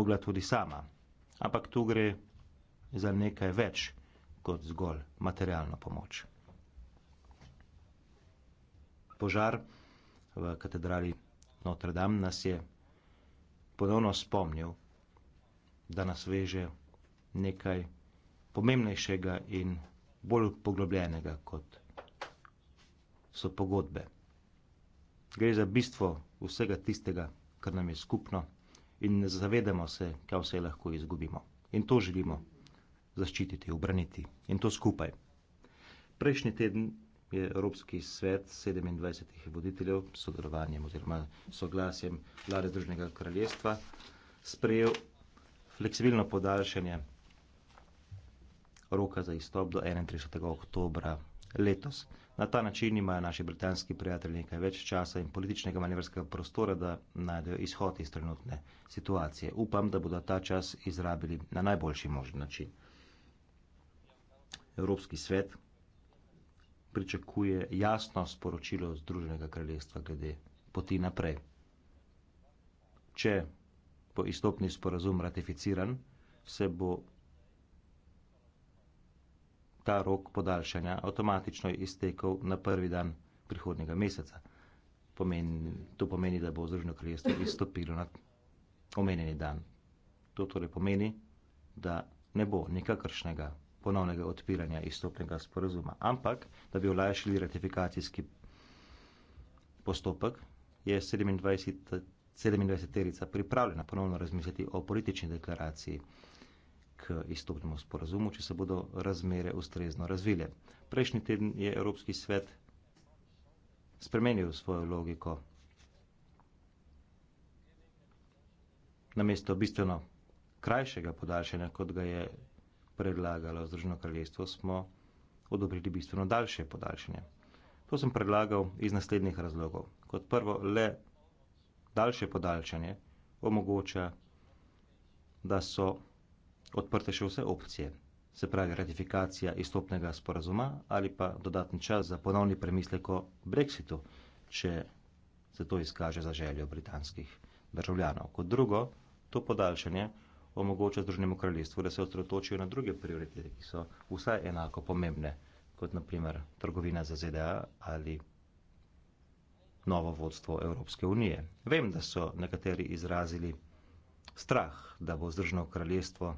zmogla tudi sama. Ampak tu gre za nekaj več kot zgolj materialno pomoč. Požar v katedrali Notre Dame nas je ponovno spomnil, da nas veže nekaj pomembnejšega in bolj poglobljenega kot so pogodbe. Gre za bistvo vsega tistega, kar nam je skupno in zavedamo se, kam se lahko izgubimo. In to želimo zaščititi, obraniti in to skupaj. Prejšnji teden je Evropski svet 27 voditeljev s sodelovanjem oziroma soglasjem vlade Združenega kraljestva sprejel fleksibilno podaljšanje roka za izstop do 31. oktobra letos. Na ta način imajo naši britanski prijatelji nekaj več časa in političnega manevrskega prostora, da najdejo izhod iz trenutne situacije. Upam, da bodo ta čas izrabili na najboljši možen način. Evropski svet pričakuje jasno sporočilo Združenega kraljestva glede poti naprej. Če bo izstopni sporazum ratificiran, se bo ta rok podaljšanja avtomatično iztekel na prvi dan prihodnega meseca. Pomen, to pomeni, da bo Združeno kraljestvo izstopilo na omenjeni dan. To torej pomeni, da ne bo nikakršnega ponovnega odpiranja izstopnega sporazuma, ampak da bi olajšali ratifikacijski postopek, je 27. 27 pripravljena ponovno razmisliti o politični deklaraciji k izstopnemu sporazumu, če se bodo razmere ustrezno razvile. Prejšnji teden je Evropski svet spremenil svojo logiko. Namesto bistveno krajšega podaljšanja, kot ga je predlagalo Združeno kraljestvo, smo odobrili bistveno daljše podaljšanje. To sem predlagal iz naslednjih razlogov. Kot prvo, le daljše podaljšanje omogoča, da so odprte še vse opcije, se pravi ratifikacija izstopnega sporazuma ali pa dodatni čas za ponovni premislek o brexitu, če se to izkaže za željo britanskih državljanov. Kot drugo, to podaljšanje omogoča Združenemu kraljestvu, da se osredotočijo na druge prioritete, ki so vsaj enako pomembne, kot naprimer trgovina za ZDA ali novo vodstvo Evropske unije. Vem, da so nekateri izrazili strah, da bo Združeno kraljestvo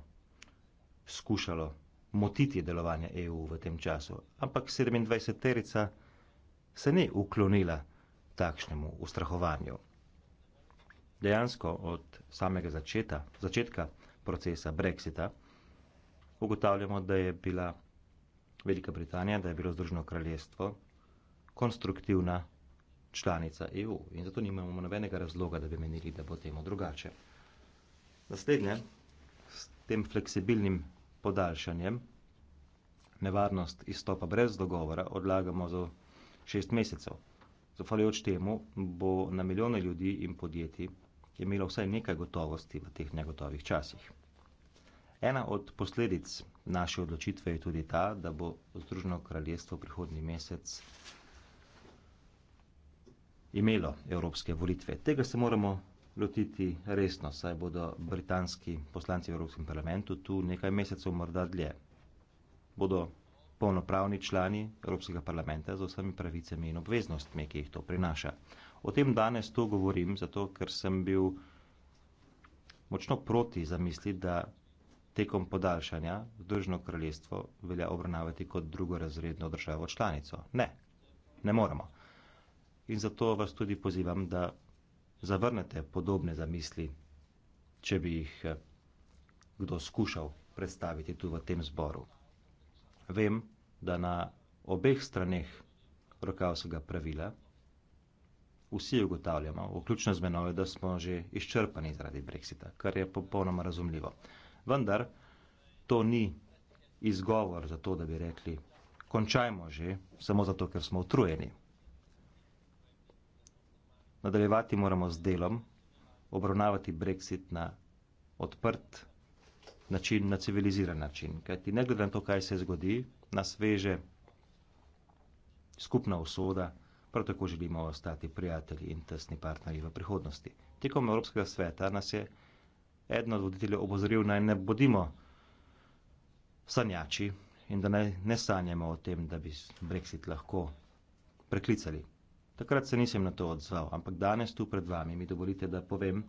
skušalo motiti delovanje EU v tem času. Ampak 27-terica se ni uklonila takšnemu ustrahovanju. Dejansko od samega začeta, začetka procesa Brexita ugotavljamo, da je bila Velika Britanija, da je bilo Združeno kraljestvo konstruktivna članica EU in zato nimamo nobenega razloga, da bi menili, da bo temu drugače. Naslednje, s tem fleksibilnim podaljšanjem nevarnost izstopa brez dogovora odlagamo za šest mesecev. Zahvaljujoč temu bo na milijone ljudi in podjetij imelo vsaj nekaj gotovosti v teh negotovih časih. Ena od posledic naše odločitve je tudi ta, da bo Združeno kraljestvo prihodni mesec imelo evropske volitve. Tega se moramo lotiti resno, saj bodo britanski poslanci v Evropskem parlamentu tu nekaj mesecev morda dlje. Bodo polnopravni člani Evropskega parlamenta z vsemi pravicami in obveznostmi, ki jih to prinaša. O tem danes tu govorim, zato ker sem bil močno proti zamisli, da tekom podaljšanja Združeno kraljestvo velja obravnavati kot drugorazredno državo članico. Ne, ne moramo. In zato vas tudi pozivam, da zavrnete podobne zamisli, če bi jih eh, kdo skušal predstaviti tu v tem zboru. Vem, da na obeh straneh rokavskega pravila vsi ugotavljamo, vključno z menoj, da smo že izčrpani zaradi Brexita, kar je popolnoma razumljivo. Vendar to ni izgovor za to, da bi rekli, končajmo že, samo zato, ker smo utrujeni nadaljevati moramo z delom, obravnavati brexit na odprt način, na civiliziran način. Kajti ne glede na to, kaj se zgodi, nas veže skupna usoda, prav tako želimo ostati prijatelji in tesni partnerji v prihodnosti. Tekom Evropskega sveta nas je eden od voditeljev obozoril naj ne bodimo sanjači in da naj ne sanjamo o tem, da bi brexit lahko preklicali. Takrat se nisem na to odzval, ampak danes tu pred vami mi dovolite, da povem,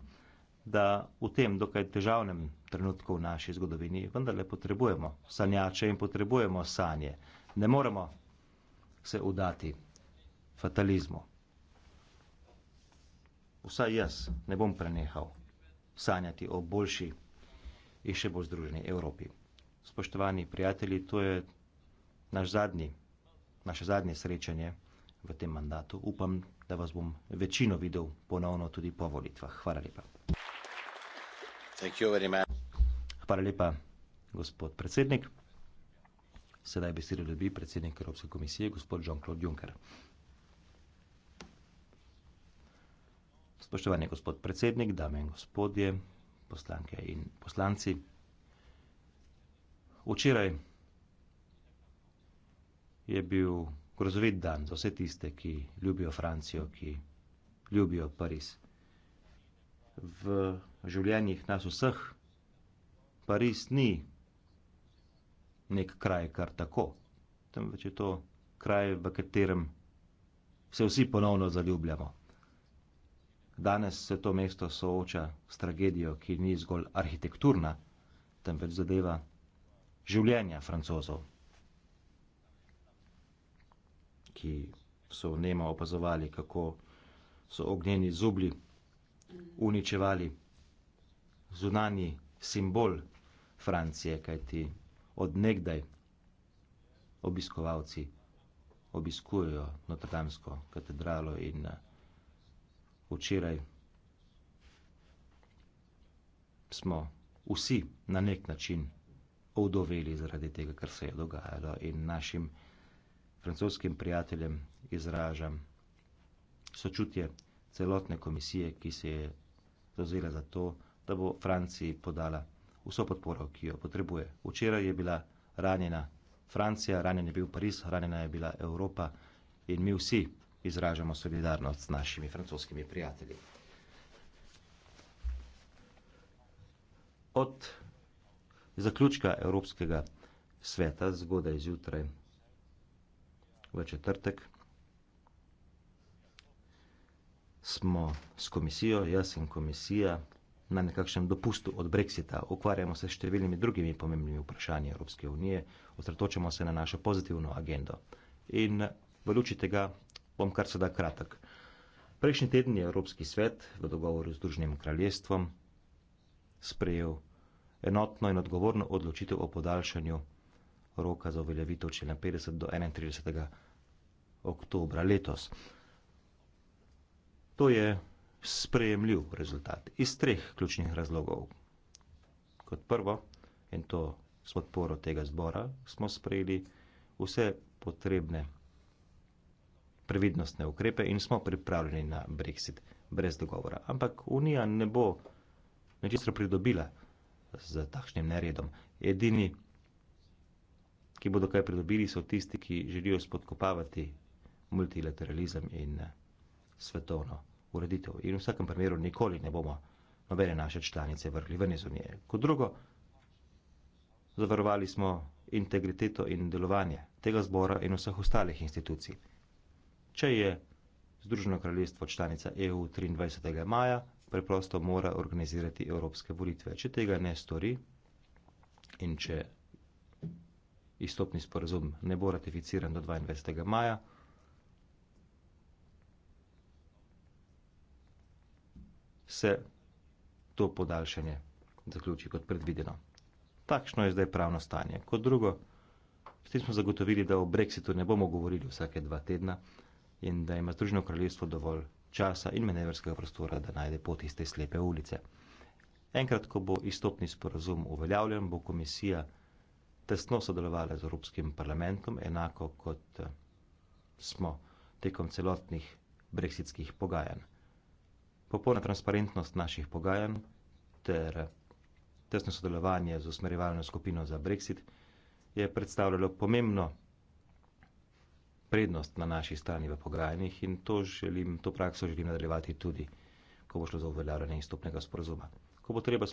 da v tem dokaj težavnem trenutku v naši zgodovini vendarle potrebujemo sanjače in potrebujemo sanje. Ne moremo se udati fatalizmu. Vsaj jaz ne bom prenehal sanjati o boljši in še bolj združeni Evropi. Spoštovani prijatelji, to je naš zadnji, naše zadnje srečanje v tem mandatu. Upam, da vas bom večino videl ponovno tudi po volitvah. Hvala lepa. Hvala lepa, gospod predsednik. Sedaj besedo dobi predsednik Evropske komisije, gospod Jean-Claude Juncker. Spoštovani gospod predsednik, dame in gospodje, poslanke in poslanci. Včeraj je bil grozovit dan za vse tiste, ki ljubijo Francijo, ki ljubijo Pariz. V življenjih nas vseh Pariz ni nek kraj kar tako, temveč je to kraj, v katerem se vsi ponovno zaljubljamo. Danes se to mesto sooča s tragedijo, ki ni zgolj arhitekturna, temveč zadeva življenja francozov ki so vnemo opazovali, kako so ognjeni zubli uničevali zunani simbol Francije, kajti odnegdaj obiskovalci obiskujejo Notre-Damsko katedralo in eh, včeraj smo vsi na nek način ovdoveli zaradi tega, kar se je dogajalo in našim francoskim prijateljem izražam sočutje celotne komisije, ki se je dozela za to, da bo Franciji podala vso podporo, ki jo potrebuje. Včeraj je bila ranjena Francija, ranjen je bil Pariz, ranjena je bila Evropa in mi vsi izražamo solidarnost s našimi francoskimi prijatelji. Od zaključka Evropskega sveta zgodaj zjutraj v četrtek smo s komisijo, jaz in komisija, na nekakšnem dopustu od Brexita. Ukvarjamo se s številnimi drugimi pomembnimi vprašanji Evropske unije, osredotočamo se na našo pozitivno agendo. In v luči tega bom kar sedaj kratek. Prejšnji teden je Evropski svet v dogovoru z Združenim kraljestvom sprejel enotno in odgovorno odločitev o podaljšanju roka za uveljavitev člena 50 do 31. oktobra letos. To je sprejemljiv rezultat iz treh ključnih razlogov. Kot prvo, in to s podporo tega zbora, smo sprejeli vse potrebne previdnostne ukrepe in smo pripravljeni na Brexit brez dogovora. Ampak Unija ne bo nečisto pridobila z takšnim neredom. Edini ki bodo kaj pridobili, so tisti, ki želijo spodkopavati multilateralizem in eh, svetovno ureditev. In v vsakem primeru nikoli ne bomo nobene naše članice vrgli ven iz unije. Kot drugo, zavarovali smo integriteto in delovanje tega zbora in vseh ostalih institucij. Če je Združeno kraljestvo članica EU 23. maja, preprosto mora organizirati evropske volitve. Če tega ne stori in če izstopni sporazum ne bo ratificiran do 22. maja. Se to podaljšanje zaključi kot predvideno. Takšno je zdaj pravno stanje. Kot drugo, s tem smo zagotovili, da o Brexitu ne bomo govorili vsake dva tedna in da ima Združeno kraljestvo dovolj časa in manevrskega prostora, da najde pot iz te slepe ulice. Enkrat, ko bo izstopni sporazum uveljavljen, bo komisija tesno sodelovale z Evropskim parlamentom, enako kot eh, smo tekom celotnih brexitskih pogajanj. Popolna transparentnost naših pogajanj ter eh, tesno sodelovanje z usmerjevalno skupino za brexit je predstavljalo pomembno prednost na naši strani v pogajanjih in to, želim, to prakso želim nadaljevati tudi, ko bo šlo za uveljavljanje izstopnega sporozuma. Ko bo treba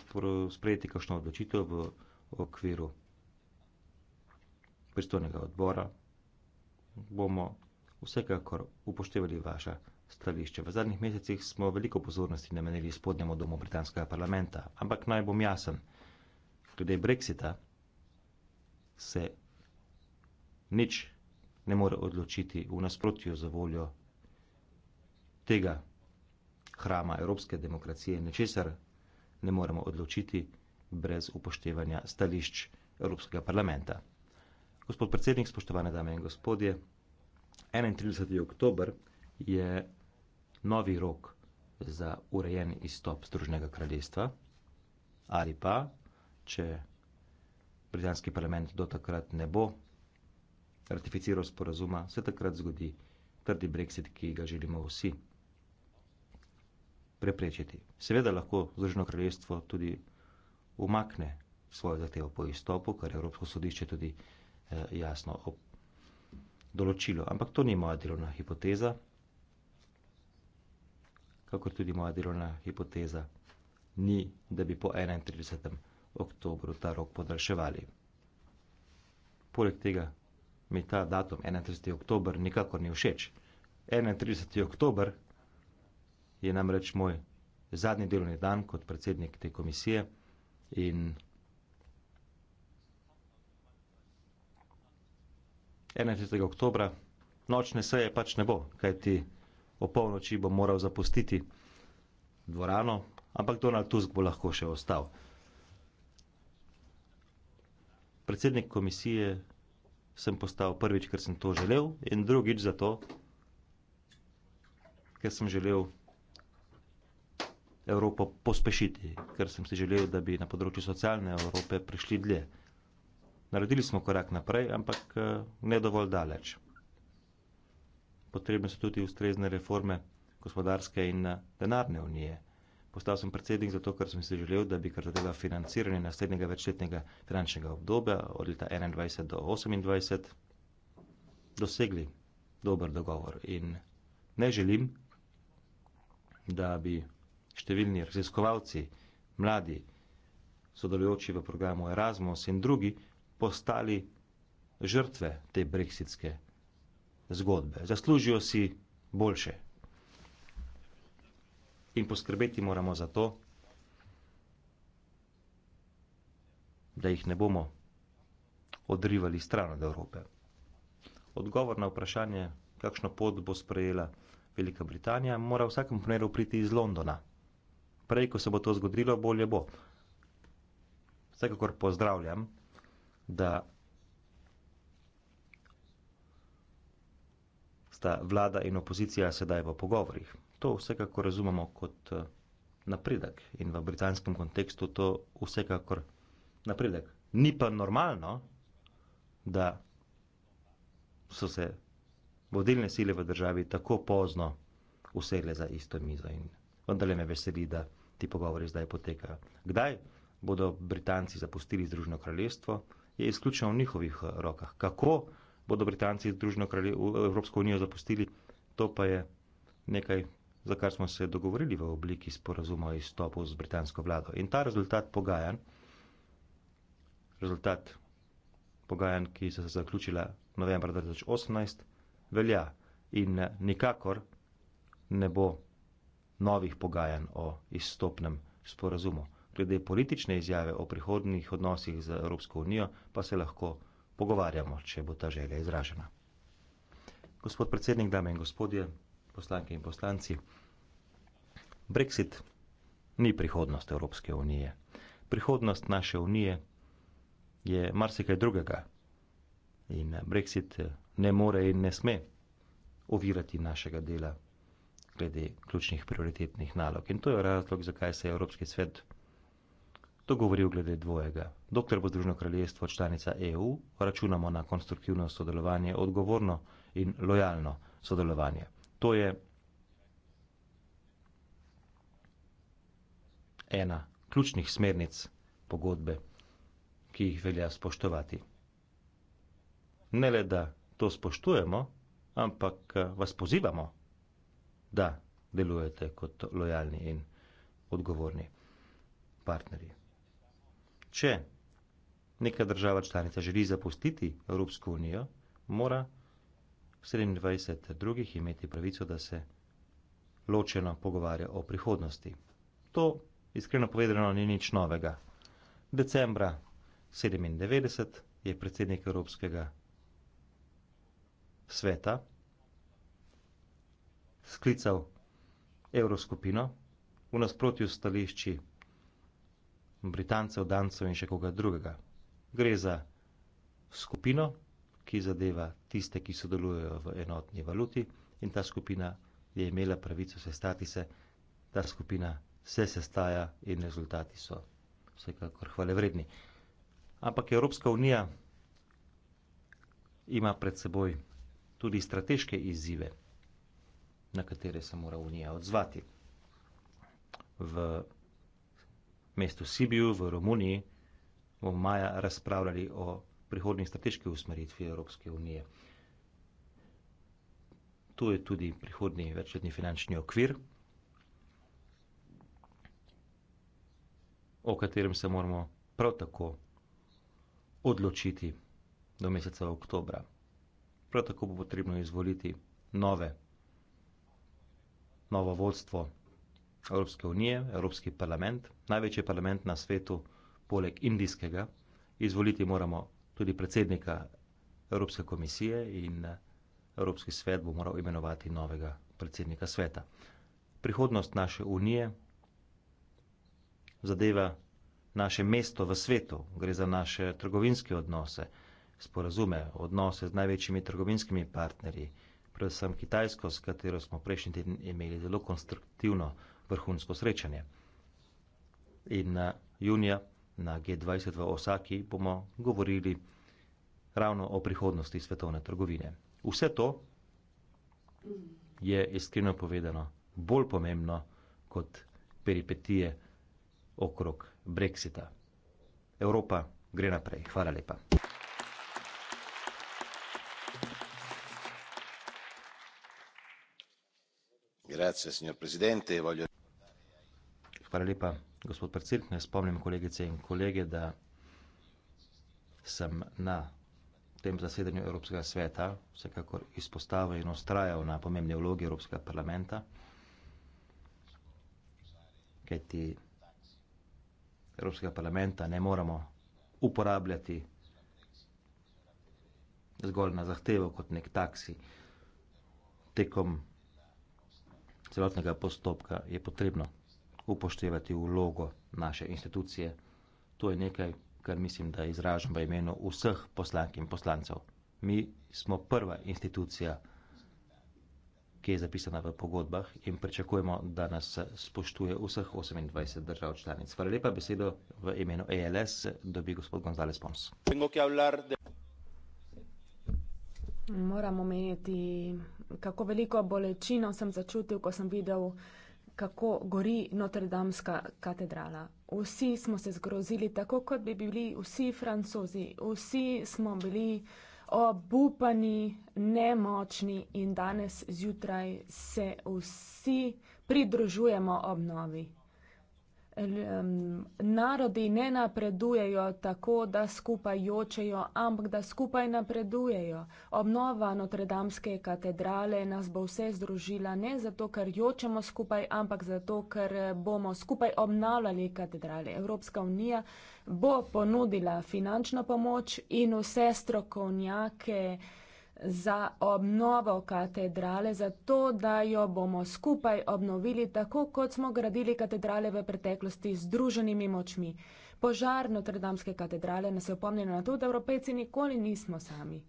sprejeti kakšno odločitev v, v okviru pristojnega odbora, bomo vsekakor upoštevali vaša stališča. V zadnjih mesecih smo veliko pozornosti namenili spodnjemu domu britanskega parlamenta, ampak naj bom jasen, glede Brexita se nič ne more odločiti v nasprotju za voljo tega hrama evropske demokracije, nečesar ne moremo odločiti brez upoštevanja stališč Evropskega parlamenta. Gospod predsednik, spoštovane dame in gospodje, 31. oktober je novi rok za urejen izstop Združnega kraljestva, ali pa, če britanski parlament do takrat ne bo ratificiral sporazuma, se takrat zgodi trdi brexit, ki ga želimo vsi preprečiti. Seveda lahko Združeno kraljestvo tudi umakne svojo zahtevo po izstopu, kar je Evropsko sodišče tudi Eh, jasno določilo. Ampak to ni moja delovna hipoteza, kako tudi moja delovna hipoteza ni, da bi po 31. oktobru ta rok podaljševali. Poleg tega mi ta datum 31. oktober nikakor ni všeč. 31. oktober je namreč moj zadnji delovni dan kot predsednik te komisije in 31. oktober, nočne seje pač ne bo, kajti o polnoči bo moral zapustiti dvorano, ampak Donald Tusk bo lahko še ostal. Predsednik komisije sem postal prvič, ker sem to želel, in drugič zato, ker sem želel Evropo pospešiti, ker sem si želel, da bi na področju socialne Evrope prišli dlje. Naredili smo korak naprej, ampak eh, ne dovolj daleč. Potrebne so tudi ustrezne reforme gospodarske in eh, denarne unije. Postal sem predsednik zato, ker sem si želel, da bi kar zadeva financiranje naslednjega večletnega finančnega obdobja od leta 2021 do 2028 dosegli dober dogovor. In ne želim, da bi številni raziskovalci, mladi, sodelujoči v programu Erasmus in drugi, postali žrtve te brexitske zgodbe. Zaslužijo si boljše. In poskrbeti moramo za to, da jih ne bomo odrivali stran od Evrope. Odgovor na vprašanje, kakšno pot bo sprejela Velika Britanija, mora v vsakem primeru priti iz Londona. Prej, ko se bo to zgodilo, bolje bo. Vsekakor pozdravljam da sta vlada in opozicija sedaj v pogovorih. To vsekakor razumemo kot eh, napredek in v britanskem kontekstu to vsekakor napredek. Ni pa normalno, da so se vodilne sile v državi tako pozno usedle za isto mizo in vendar me veseli, da ti pogovori zdaj potekajo. Kdaj bodo Britanci zapustili Združeno kraljestvo? je izključno v njihovih eh, rokah. Kako bodo Britanci Evropsko unijo zapustili, to pa je nekaj, za kar smo se dogovorili v obliki sporazuma o izstopu z britansko vlado. In ta rezultat pogajanj, rezultat pogajanj, ki so se zaključila novembra 2018, velja in eh, nikakor ne bo novih pogajanj o izstopnem sporazumu glede politične izjave o prihodnih odnosih z Evropsko unijo pa se lahko pogovarjamo, če bo ta želja izražena. Gospod predsednik, dame in gospodje, poslanke in poslanci, Brexit ni prihodnost Evropske unije. Prihodnost naše unije je marsikaj drugega in Brexit ne more in ne sme ovirati našega dela glede ključnih prioritetnih nalog. In to je razlog, zakaj se je Evropski svet To govori o glede dvojega. Dokler bo Združeno kraljestvo članica EU, računamo na konstruktivno sodelovanje, odgovorno in lojalno sodelovanje. To je ena ključnih smernic pogodbe, ki jih velja spoštovati. Ne le, da to spoštujemo, ampak vas pozivamo, da delujete kot lojalni in odgovorni partnerji. Če neka država članica želi zapustiti Evropsko unijo, mora 27 drugih imeti pravico, da se ločeno pogovarja o prihodnosti. To, iskreno povedano, ni nič novega. Decembra 97 je predsednik Evropskega sveta sklical Evroskupino v nasprotju stališči Britancev, Dancev in še koga drugega. Gre za skupino, ki zadeva tiste, ki sodelujejo v enotni valuti in ta skupina je imela pravico sestati se, ta skupina se sestaja in rezultati so vsekakor hvale vredni. Ampak Evropska unija ima pred seboj tudi strateške izzive, na katere se mora unija odzvati. V mestu Sibiu v Romuniji, bomo maja razpravljali o prihodnji strateški usmeritvi Evropske unije. Tu je tudi prihodnji večletni finančni okvir, o katerem se moramo prav tako odločiti do meseca oktobra. Prav tako bo potrebno izvoliti nove, novo vodstvo Evropske unije, Evropski parlament, največji parlament na svetu, poleg indijskega. Izvoliti moramo tudi predsednika Evropske komisije in eh, Evropski svet bo moral imenovati novega predsednika sveta. Prihodnost naše unije zadeva naše mesto v svetu, gre za naše trgovinske odnose, sporazume, odnose z največjimi trgovinskimi partnerji, predvsem Kitajsko, s katero smo prejšnji teden imeli zelo konstruktivno vrhunsko srečanje. In eh, junija na G20 v Osaki bomo govorili ravno o prihodnosti svetovne trgovine. Vse to je iskreno povedano bolj pomembno kot peripetije okrog Brexita. Evropa gre naprej. Hvala lepa. Grazie, signor Presidente. Voglio... Hvala lepa, gospod predsednik. Spomnim kolegice in kolege, da sem na tem zasedanju Evropskega sveta vsekakor izpostavil in ostrajal na pomembni vlogi Evropskega parlamenta, kajti Evropskega parlamenta ne moramo uporabljati zgolj na zahtevo kot nek taksi. Tekom celotnega postopka je potrebno upoštevati vlogo naše institucije. To je nekaj, kar mislim, da izražam v imenu vseh poslank in poslancev. Mi smo prva institucija, ki je zapisana v pogodbah in pričakujemo, da nas spoštuje vseh 28 držav članic. Hvala lepa besedo v imenu ALS, e dobi gospod Gonzales Pons. Moram omeniti, kako veliko bolečino sem začutil, ko sem videl, kako gori Notre-Dameska katedrala. Vsi smo se zgrozili, tako kot bi bili vsi francozi. Vsi smo bili obupani, nemočni in danes zjutraj se vsi pridružujemo obnovi narodi ne napredujejo tako, da skupaj jočejo, ampak da skupaj napredujejo. Obnova Notredamske katedrale nas bo vse združila ne zato, ker jočemo skupaj, ampak zato, ker eh, bomo skupaj obnavljali katedrale. Evropska unija bo ponudila finančno pomoč in vse strokovnjake, za obnovo katedrale, za to, da jo bomo skupaj obnovili, tako kot smo gradili katedrale v preteklosti z druženimi močmi. Požar Notredamske katedrale nas je opomnil na to, da Evropejci nikoli nismo sami.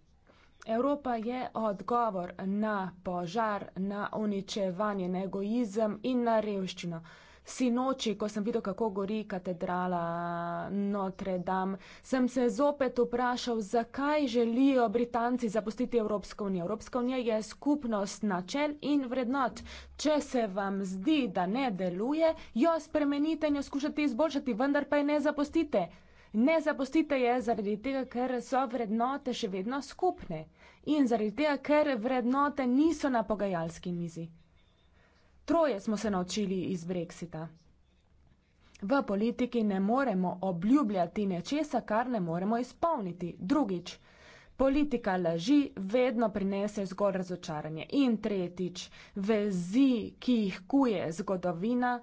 Evropa je odgovor na požar, na uničevanje, na egoizem in na revščino sinoči, ko sem videl, kako gori katedrala Notre Dame, sem se zopet vprašal, zakaj želijo Britanci zapustiti Evropsko unijo. Evropska unija je skupnost načel in vrednot. Če se vam zdi, da ne deluje, jo spremenite in jo skušate izboljšati, vendar pa je ne zapustite. Ne zapustite je zaradi tega, ker so vrednote še vedno skupne in zaradi tega, ker vrednote niso na pogajalski mizi. Troje smo se naučili iz Brexita. V politiki ne moremo obljubljati nečesa, kar ne moremo izpolniti. Drugič, politika laži vedno prinese zgolj razočaranje. In tretjič, vezi, ki jih kuje zgodovina,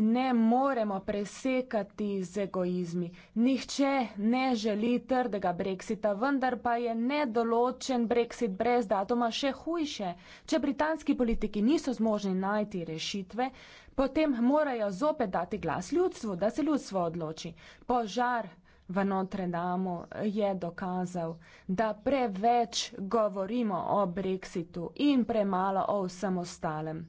ne moremo presekati z egoizmi. Nihče ne želi trdega brexita, vendar pa je nedoločen brexit brez datuma še hujše. Če britanski politiki niso zmožni najti rešitve, potem morajo zopet dati glas ljudstvu, da se ljudstvo odloči. Požar v Notre Dame je dokazal, da preveč govorimo o brexitu in premalo o vsem ostalem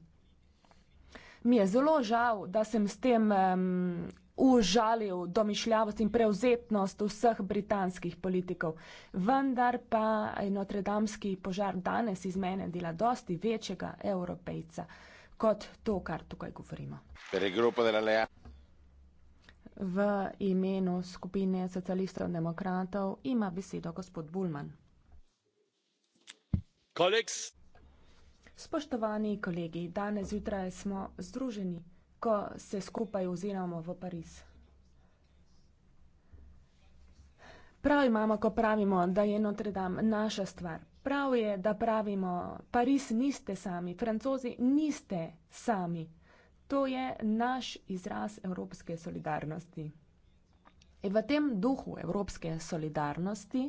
mi je zelo žal, da sem s tem um, užalil domišljavost in prevzetnost vseh britanskih politikov. Vendar pa Notre Dame požar danes iz mene dela dosti večjega evropejca kot to, kar tukaj govorimo. V imenu skupine socialistov in demokratov ima besedo gospod Bulman. Kolegs. Spoštovani kolegi, danes zjutraj smo združeni, ko se skupaj oziramo v Pariz. Prav imamo, ko pravimo, da je Notre Dame naša stvar. Prav je, da pravimo, Pariz niste sami, Francozi niste sami. To je naš izraz evropske solidarnosti. In v tem duhu evropske solidarnosti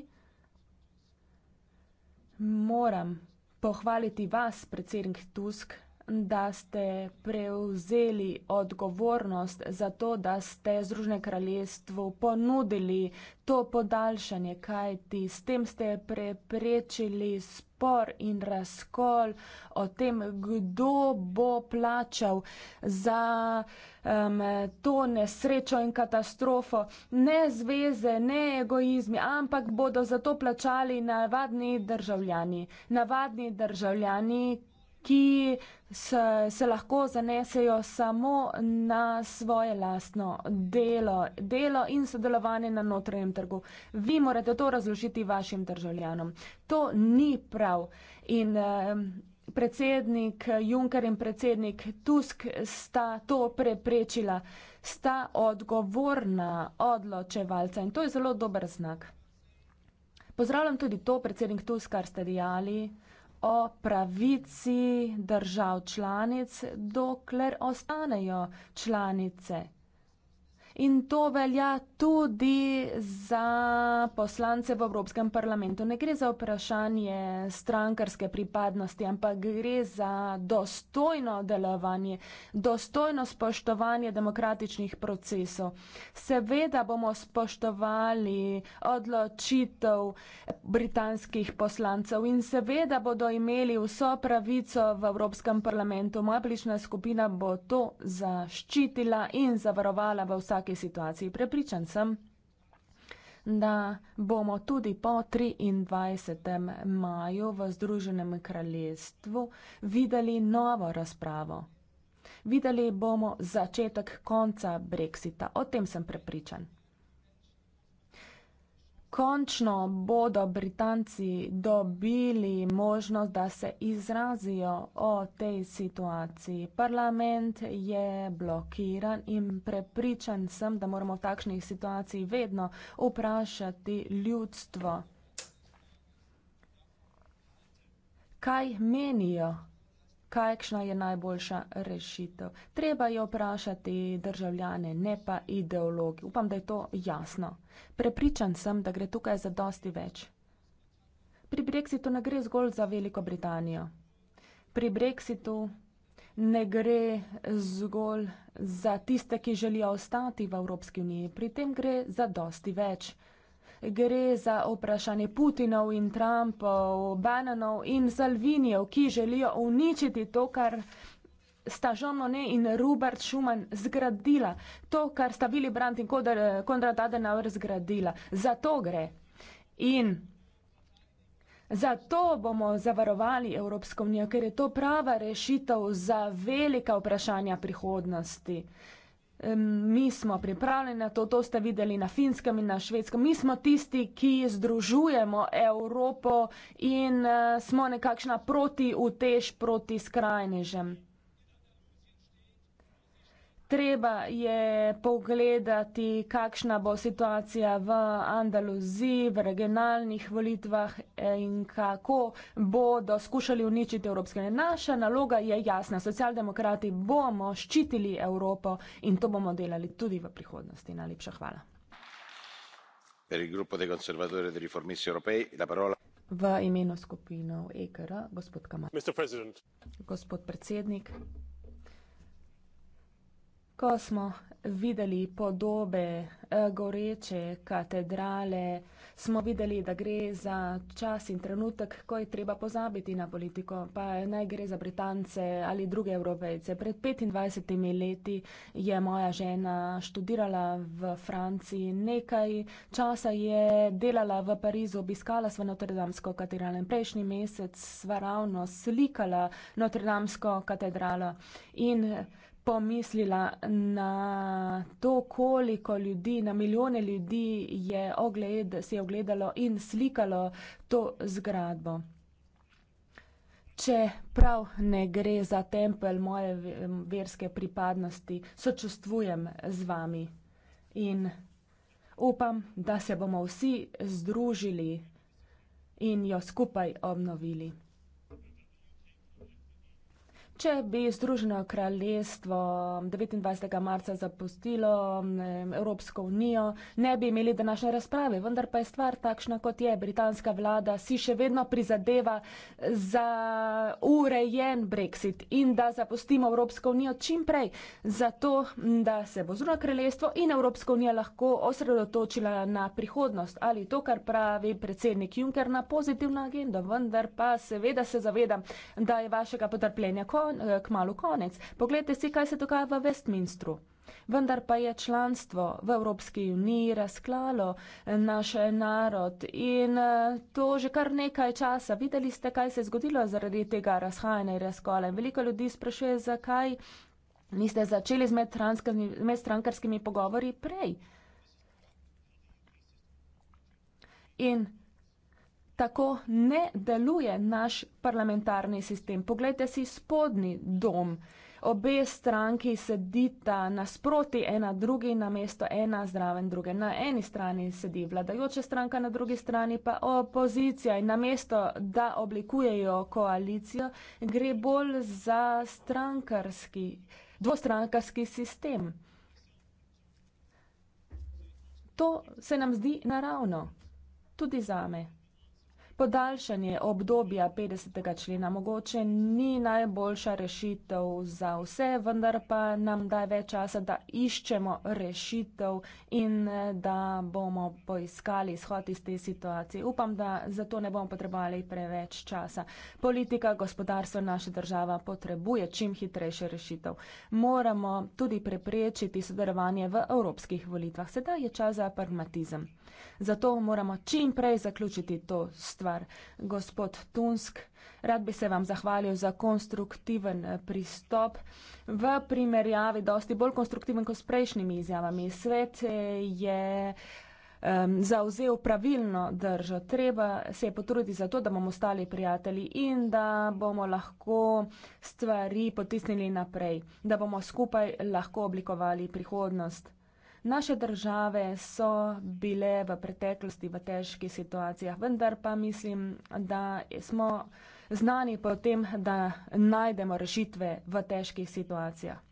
moram pohvaliti vas, predsednik Tusk, da ste prevzeli odgovornost za to, da ste Združne kraljestvo ponudili to podaljšanje, kaj ti s tem ste preprečili spor in razkol o tem, kdo bo plačal za um, to nesrečo in katastrofo. Ne zveze, ne egoizmi, ampak bodo za to plačali navadni državljani. Navadni državljani, ki se, se lahko zanesejo samo na svoje lastno delo, delo in sodelovanje na notranjem trgu. Vi morate to razložiti vašim državljanom. To ni prav. In predsednik Juncker in predsednik Tusk sta to preprečila, sta odgovorna odločevalca in to je zelo dober znak. Pozdravljam tudi to, predsednik Tusk, kar ste dejali o pravici držav članic, dokler ostanejo članice in to velja tudi za poslance v Evropskem parlamentu. Ne gre za vprašanje strankarske pripadnosti, ampak gre za dostojno delovanje, dostojno spoštovanje demokratičnih procesov. Seveda bomo spoštovali odločitev britanskih poslancev in seveda bodo imeli vso pravico v Evropskem parlamentu. Moja blična skupina bo to zaščitila in zavarovala v vsak taki situaciji. Prepričan sem, da bomo tudi po 23. maju v Združenem kraljestvu videli novo razpravo. Videli bomo začetek konca brexita, o tem sem prepričan končno bodo Britanci dobili možnost, da se izrazijo o tej situaciji. Parlament je blokiran in prepričan sem, da moramo v takšnih situacij vedno vprašati ljudstvo. Kaj menijo kakšna je najboljša rešitev. Treba je vprašati državljane, ne pa ideologi. Upam, da je to jasno. Prepričan sem, da gre tukaj za dosti več. Pri Brexitu ne gre zgolj za Veliko Britanijo. Pri Brexitu ne gre zgolj za tiste, ki želijo ostati v Evropski uniji. Pri tem gre za dosti več gre za vprašanje Putinov in Trumpov, Bannonov in Salvinijev, ki želijo uničiti to, kar sta Jean Monnet in Robert Schuman zgradila, to, kar sta Willy Brandt in Konrad Adenauer zgradila. Za to gre. In zato bomo zavarovali Evropsko unijo, ker je to prava rešitev za velika vprašanja prihodnosti. Uh, Mi smo pripravljeni na to, to ste videli na finskem in na švedskem. Mi smo tisti, ki združujemo Evropo in eh, smo nekakšna proti utež proti skrajnežem. Treba je pogledati, kakšna bo situacija v Andaluziji, v regionalnih volitvah in kako bodo skušali uničiti Evropske unije. Naša naloga je jasna. Socialdemokrati bomo ščitili Evropo in to bomo delali tudi v prihodnosti. Najlepša hvala. E v imenu skupino EKR, gospod Kamal. Gospod predsednik ko smo videli podobe eh, goreče katedrale, smo videli, da gre za čas in trenutek, ko je treba pozabiti na politiko, pa naj gre za Britance ali druge Evropejce. Pred 25 leti je moja žena študirala v Franciji, nekaj časa je delala v Parizu, obiskala sva Notredamsko katedralo in prejšnji mesec sva ravno slikala Notredamsko katedralo. In pomislila na to, koliko ljudi, na milijone ljudi je ogled, si je ogledalo in slikalo to zgradbo. Če prav ne gre za tempel moje verske pripadnosti, sočustvujem z vami in upam, da se bomo vsi združili in jo skupaj obnovili. Če bi Združeno kraljestvo 29. marca zapustilo Evropsko unijo, ne bi imeli današnje razprave, vendar pa je stvar takšna, kot je. Britanska vlada si še vedno prizadeva za urejen Brexit in da zapustimo Evropsko unijo čim prej, zato da se bo Združeno kraljestvo in Evropska unija lahko osredotočila na prihodnost ali to, kar pravi predsednik Juncker na pozitivno agendo, vendar pa seveda se zavedam, da je vašega potrpljenja kon, eh, kmalo konec. Poglejte si, kaj se dogaja v Westminstru. Vendar pa je članstvo v Evropski uniji razklalo eh, naš eh, narod in eh, to že kar nekaj časa. Videli ste, kaj se je zgodilo zaradi tega razhajanja in razkola. Veliko ljudi sprašuje, zakaj niste začeli z medstrankarskimi pogovori prej. In Tako ne deluje naš parlamentarni sistem. Poglejte si spodnji dom. Obe stranki sedita nasproti ena drugi na mesto ena zraven druge. Na eni strani sedi vladajoča stranka, na drugi strani pa opozicija in na mesto, da oblikujejo koalicijo, gre bolj za strankarski, dvostrankarski sistem. To se nam zdi naravno, tudi za me. Podaljšanje obdobja 50. člena mogoče ni najboljša rešitev za vse, vendar pa nam daje več časa, da iščemo rešitev in da bomo poiskali izhod iz te situacije. Upam, da zato ne bomo potrebovali preveč časa. Politika, gospodarstvo in naša država potrebuje čim hitrejše rešitev. Moramo tudi preprečiti sodelovanje v evropskih volitvah. Sedaj je čas za pragmatizem. Zato moramo čim prej zaključiti to stvar stvar. Gospod Tunsk, rad bi se vam zahvalil za konstruktiven eh, pristop. V primerjavi, dosti bolj konstruktiven kot s prejšnjimi izjavami, svet eh, je um, zauzel pravilno držo. Treba se je potruditi za to, da bomo ostali prijatelji in da bomo lahko stvari potisnili naprej, da bomo skupaj lahko oblikovali prihodnost. Naše države so bile v preteklosti v težkih situacijah, vendar pa mislim, da smo znani po tem, da najdemo rešitve v težkih situacijah.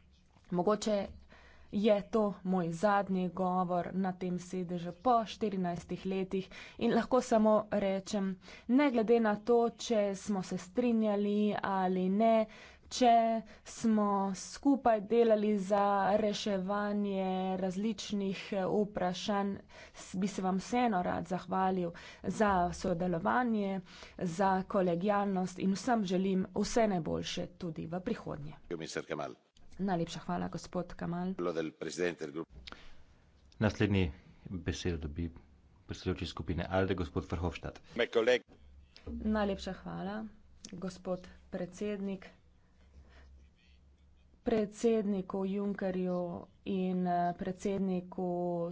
Mogoče je to moj zadnji govor na tem sedežu po 14 letih in lahko samo rečem, ne glede na to, če smo se strinjali ali ne, če smo skupaj delali za reševanje različnih eh, vprašanj, bi se vam vseeno rad zahvalil za sodelovanje, za kolegijalnost in vsem želim vse najboljše tudi v prihodnje. Najlepša hvala, gospod Kamal. Naslednji besedo dobi predsedujoči skupine Alde, gospod Verhofstadt. Najlepša hvala, gospod predsednik predsedniku Junkerju in eh, predsedniku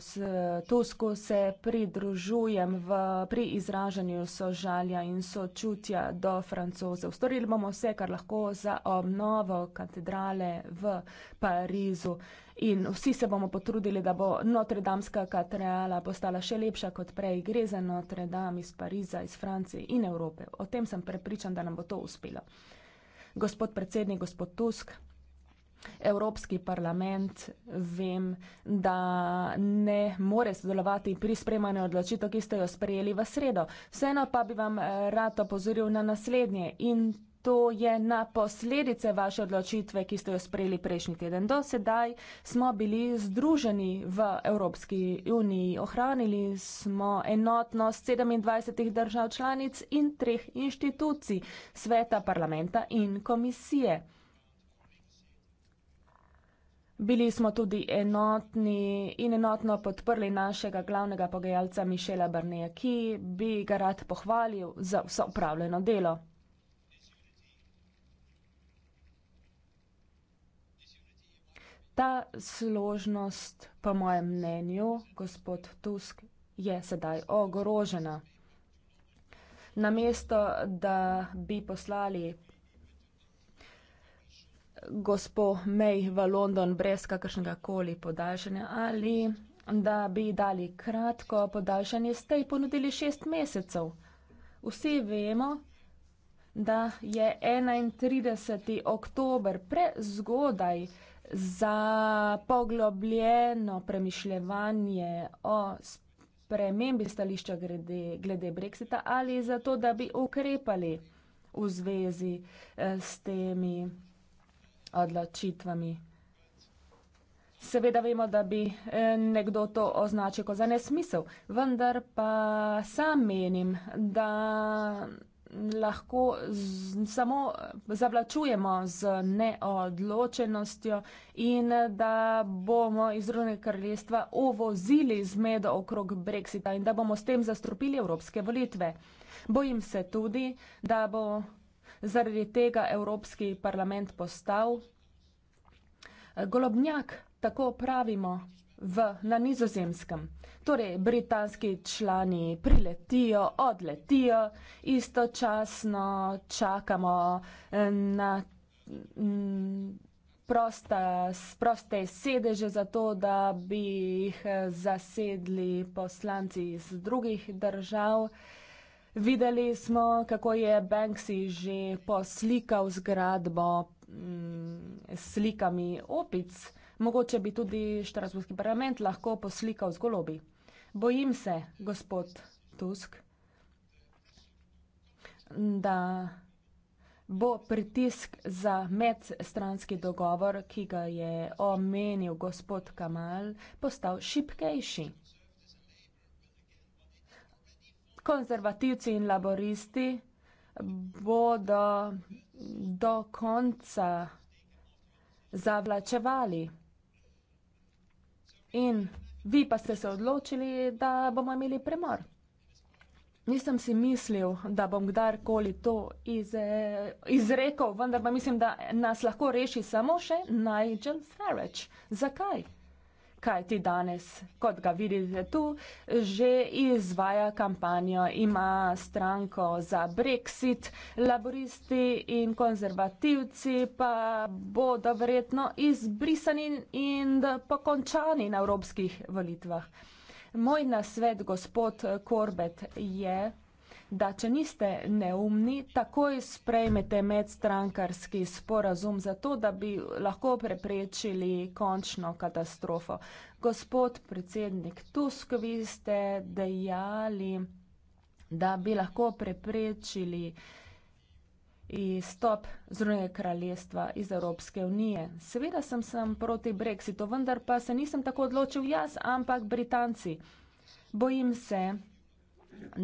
Tusku se pridružujem v, pri izražanju sožalja in sočutja do francozov. Storili bomo vse, kar lahko za obnovo katedrale v Parizu in vsi se bomo potrudili, da bo Notre-Dameska katedrala postala še lepša kot prej. Gre za Notre-Dame iz Pariza, iz Francije in Evrope. O tem sem prepričan, da nam bo to uspelo. Gospod predsednik, gospod Tusk, Evropski parlament, vem, da ne more sodelovati pri spremanju odločitev, ki ste jo sprejeli v sredo. Vseeno pa bi vam eh, rad opozoril na naslednje in to je na posledice vaše odločitve, ki ste jo sprejeli prejšnji teden. Do sedaj smo bili združeni v Evropski uniji, ohranili smo enotnost 27 držav članic in treh inštitucij, sveta, parlamenta in komisije. Bili smo tudi enotni in enotno podprli našega glavnega pogajalca Mišela Brneja, ki bi ga rad pohvalil za vso upravljeno delo. Ta složnost, po mojem mnenju, gospod Tusk, je sedaj ogrožena. Namesto, da bi poslali gospo May v London brez kakršnega koli podaljšanja ali da bi dali kratko podaljšanje, ste ji ponudili šest mesecev. Vsi vemo, da je 31. oktober prezgodaj za poglobljeno premišljevanje o spremembi stališča glede, glede Brexita ali za to, da bi ukrepali v zvezi eh, s temi odločitvami. Seveda vemo, da bi eh, nekdo to označil kot za nesmisel, vendar pa sam menim, da lahko z, samo zavlačujemo z neodločenostjo in da bomo iz Rune Krljestva uvozili zmedo okrog Brexita in da bomo s tem zastrupili evropske volitve. Bojim se tudi, da bo zaradi tega Evropski parlament postal eh, golobnjak, tako pravimo, v, na nizozemskem. Torej, britanski člani priletijo, odletijo, istočasno čakamo eh, na mm, prosta, proste sedeže za to, da bi jih eh, zasedli poslanci iz drugih držav. Videli smo, kako je Banksy že poslikal zgradbo mm, s slikami opic. Mogoče bi tudi Štrasburski parlament lahko poslikal z golobi. Bojim se, gospod Tusk, da bo pritisk za medstranski dogovor, ki ga je omenil gospod Kamal, postal šipkejši konzervativci in laboristi bodo do konca zavlačevali. In vi pa ste se odločili, da bomo imeli premor. Nisem si mislil, da bom kdarkoli to iz, izrekel, vendar pa mislim, da nas lahko reši samo še Nigel Farage. Zakaj? kaj ti danes, kot ga vidite tu, že izvaja kampanjo, ima stranko za Brexit, laboristi in konzervativci pa bodo verjetno izbrisani in pokončani na evropskih volitvah. Moj nasvet, gospod Korbet, je, da če niste neumni, takoj sprejmete medstrankarski sporazum za to, da bi lahko preprečili končno katastrofo. Gospod predsednik Tusk, vi ste dejali, da bi lahko preprečili izstop zrunje kraljestva iz Evropske unije. Seveda sem sem proti Brexitu, vendar pa se nisem tako odločil jaz, ampak Britanci. Bojim se,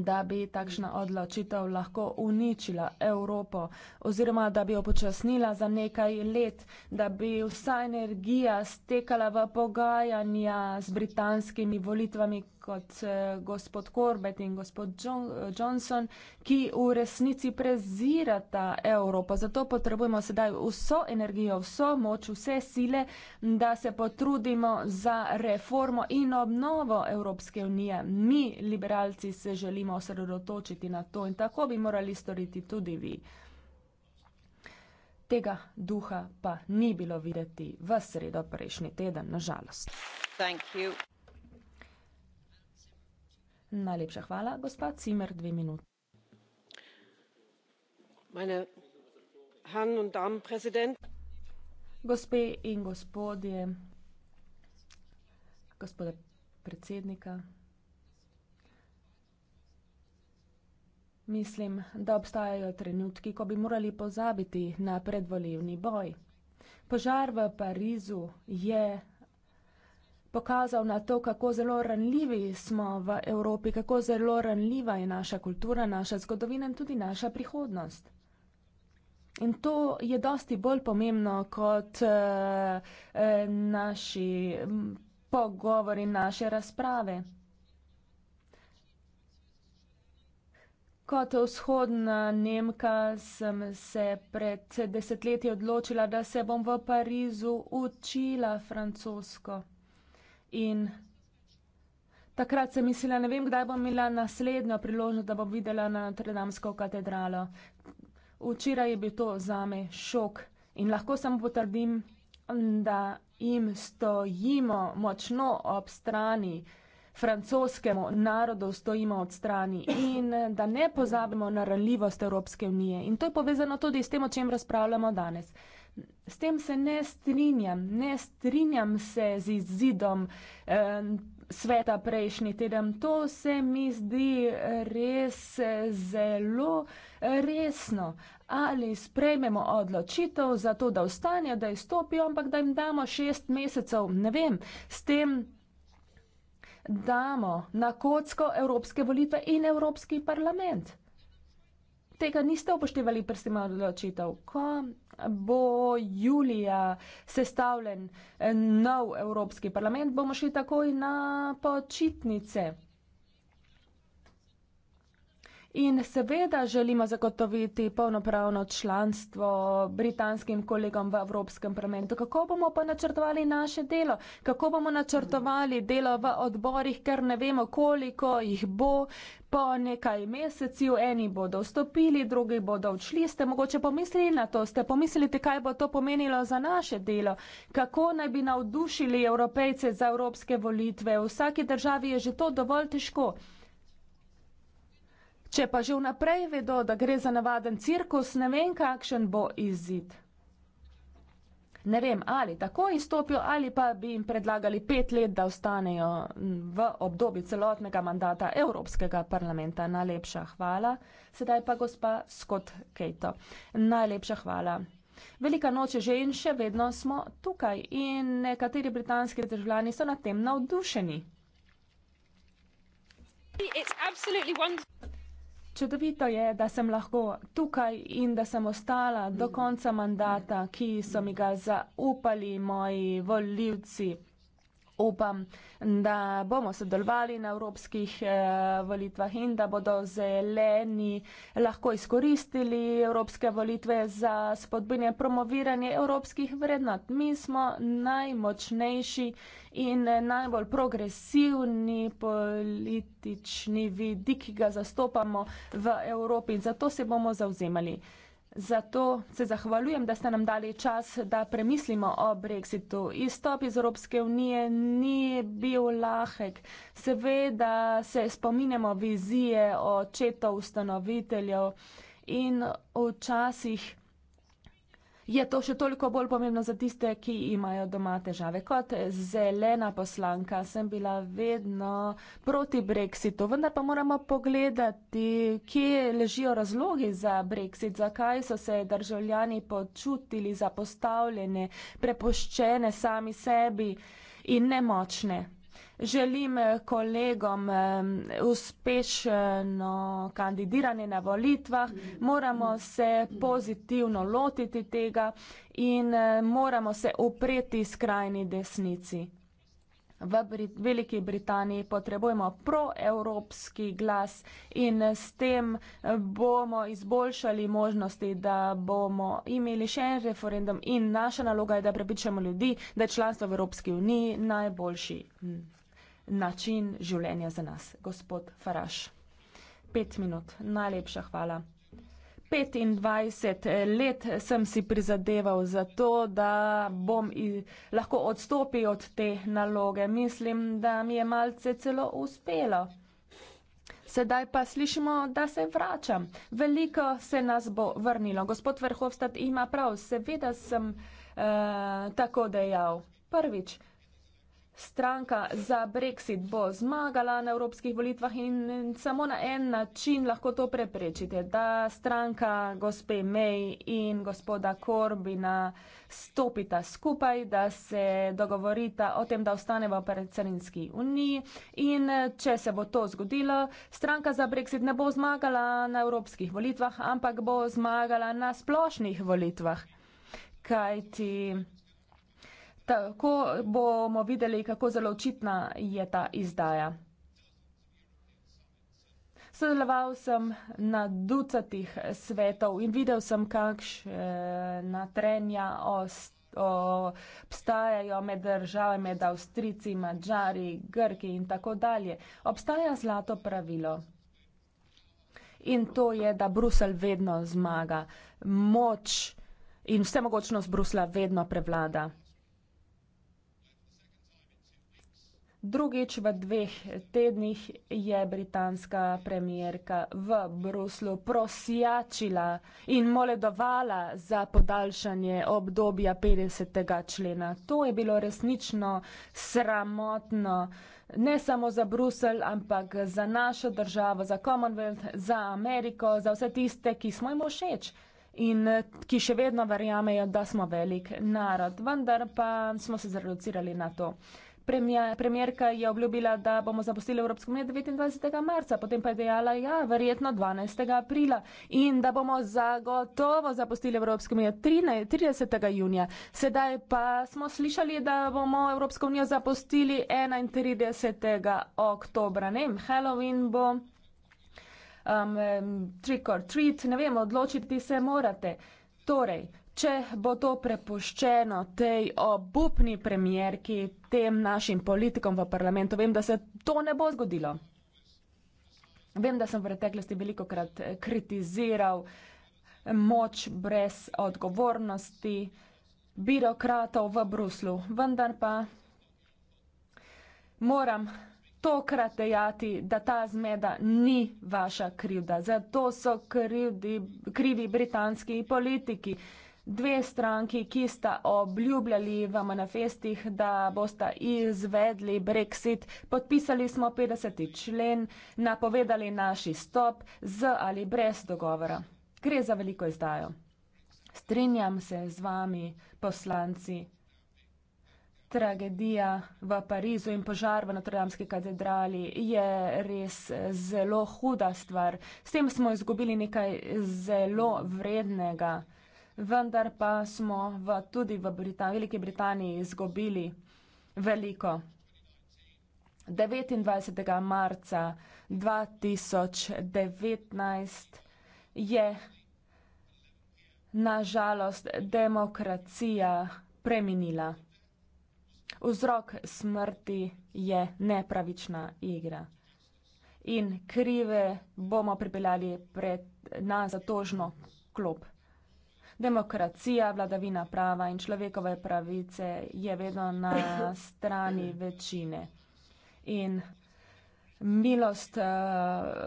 da bi takšna odločitev lahko uničila Evropo oziroma da bi jo počasnila za nekaj let, da bi vsa energija stekala v pogajanja z britanskimi volitvami, kot eh, gospod Corbett in gospod eh, Johnson, ki v resnici prezirata Evropo. Zato potrebujemo sedaj vso energijo, vso moč, vse sile, da se potrudimo za reformo in obnovo Evropske unije. Mi, liberalci, se želimo osredotočiti na to in tako bi morali storiti tudi vi. Tega duha pa ni bilo videti v sredo prejšnji teden, nažalost. Thank you. Najlepša hvala, gospa Cimer, dve minuti. Gospe in gospodje, gospode predsednika, mislim, da obstajajo trenutki, ko bi morali pozabiti na predvolivni boj. Požar v Parizu je pokazal na to, kako zelo ranljivi smo v Evropi, kako zelo ranljiva je naša kultura, naša zgodovina in tudi naša prihodnost. In to je dosti bolj pomembno kot eh, eh, naši pogovori, naše razprave. Kot vzhodna Nemka sem se pred desetletji odločila, da se bom v Parizu učila francosko. In takrat sem mislila, ne vem, kdaj bom imela naslednjo priložnost, da bom videla na Tredamsko katedralo. Včeraj je bil to zame šok in lahko samo potrdim, da jim stojimo močno ob strani, francoskemu narodu stojimo ob strani in da ne pozabimo na ranljivost Evropske unije. In to je povezano tudi s tem, o čem razpravljamo danes. S tem se ne strinjam, ne strinjam se z izidom eh, sveta prejšnji teden. To se mi zdi res zelo resno. Ali sprejmemo odločitev za to, da ostanejo, da izstopijo, ampak da jim damo šest mesecev, ne vem, s tem damo na kocko evropske volitve in evropski parlament tega niste upoštevali pri sistemu odločitev. Ko bo julija sestavljen eh, nov Evropski parlament, bomo šli takoj na počitnice. In seveda želimo zagotoviti polnopravno članstvo britanskim kolegom v Evropskem parlamentu. Kako bomo pa načrtovali naše delo? Kako bomo načrtovali delo v odborih, ker ne vemo, koliko jih bo po nekaj mesecih? Eni bodo vstopili, drugi bodo odšli. Ste mogoče pomislili na to? Ste pomislili, kaj bo to pomenilo za naše delo? Kako naj bi navdušili evropejce za evropske volitve? V vsaki državi je že to dovolj težko. Če pa že vnaprej vedo, da gre za navaden cirkus, ne vem, kakšen bo izid. Ne vem, ali tako izstopijo, ali pa bi jim predlagali pet let, da ostanejo v obdobju celotnega mandata Evropskega parlamenta. Najlepša hvala. Sedaj pa gospa Scott Kato. Najlepša hvala. Velika noč je že in še vedno smo tukaj in nekateri britanski državljani so na tem navdušeni. Čudovito je, da sem lahko tukaj in da sem ostala do konca mandata, ki so mi ga zaupali moji voljivci upam, da bomo sodelovali na evropskih eh, volitvah in da bodo zeleni lahko izkoristili evropske volitve za spodbinje promoviranje evropskih vrednot. Mi smo najmočnejši in najbolj progresivni politični vidik, ki ga zastopamo v Evropi in zato se bomo zauzemali. Zato se zahvaljujem, da ste nam dali čas, da premislimo o brexitu. Izstop iz Evropske unije ni bil lahek. Seveda se spominjamo vizije očetov ustanoviteljev in včasih je to še toliko bolj pomembno za tiste, ki imajo doma težave. Kot zelena poslanka sem bila vedno proti Brexitu, vendar pa moramo pogledati, kje ležijo razlogi za Brexit, zakaj so se državljani počutili zapostavljene, prepoščene sami sebi in nemočne. Želim eh, kolegom eh, uspešno kandidiranje na volitvah. Moramo se pozitivno lotiti tega in eh, moramo se upreti skrajni desnici. V Brit Veliki Britaniji potrebujemo proevropski glas in s tem bomo izboljšali možnosti, da bomo imeli še en referendum in naša naloga je, da prepričamo ljudi, da je članstvo v Evropski uniji najboljši. Hm način življenja za nas, gospod Faraš. Pet minut, najlepša hvala. 25 let sem si prizadeval za to, da bom lahko odstopil od te naloge. Mislim, da mi je malce celo uspelo. Sedaj pa slišimo, da se vračam. Veliko se nas bo vrnilo. Gospod Verhofstad ima prav. Seveda sem uh, tako dejal. Prvič, Stranka za Brexit bo zmagala na evropskih volitvah in samo na en način lahko to preprečite, da stranka gospe May in gospoda Corbina stopita skupaj, da se dogovorita o tem, da ostane v predsedninski uniji in če se bo to zgodilo, stranka za Brexit ne bo zmagala na evropskih volitvah, ampak bo zmagala na splošnih volitvah. Kajti Tako bomo videli, kako zelo očitna je ta izdaja. Sodeloval sem na ducatih svetov in videl sem, kakšna trenja obstajajo med državami, med Avstrici, Mačari, Grki in tako dalje. Obstaja zlato pravilo. In to je, da Brusel vedno zmaga. Moč in vse mogočnost Brusla vedno prevlada. Drugič v dveh tednih je britanska premijerka v Bruslu prosjačila in moledovala za podaljšanje obdobja 50. člena. To je bilo resnično sramotno, ne samo za Bruselj, ampak za našo državo, za Commonwealth, za Ameriko, za vse tiste, ki smo jim všeč. In ki še vedno verjamejo, da smo velik narod, vendar pa smo se zreducirali na to premier, premierka je obljubila, da bomo zapustili Evropsko unijo 29. marca, potem pa je dejala, ja, verjetno 12. aprila in da bomo zagotovo zapustili Evropsko unijo 30. junija. Sedaj pa smo slišali, da bomo Evropsko unijo zapustili 31. oktobra. Ne vem, Halloween bo. Um, trick or treat, ne vem, odločiti se morate. Torej, če bo to prepuščeno tej obupni premjerki, tem našim politikom v parlamentu. Vem, da se to ne bo zgodilo. Vem, da sem v preteklosti veliko krat kritiziral moč brez odgovornosti birokratov v Bruslu, vendar pa moram tokrat dejati, da ta zmeda ni vaša krivda. Zato so krivdi, krivi britanski politiki dve stranki, ki sta obljubljali v manifestih, da boste izvedli brexit. Podpisali smo 50. člen, napovedali naš izstop z ali brez dogovora. Gre za veliko izdajo. Strinjam se z vami, poslanci. Tragedija v Parizu in požar v Notre-Dameski katedrali je res zelo huda stvar. S tem smo izgubili nekaj zelo vrednega vendar pa smo v, tudi v Brita Veliki Britaniji izgubili veliko. 29. marca 2019 je nažalost demokracija preminila. Vzrok smrti je nepravična igra. In krive bomo pripeljali pred, na zatožno klop demokracija, vladavina prava in človekove pravice je vedno na strani večine. In milost eh,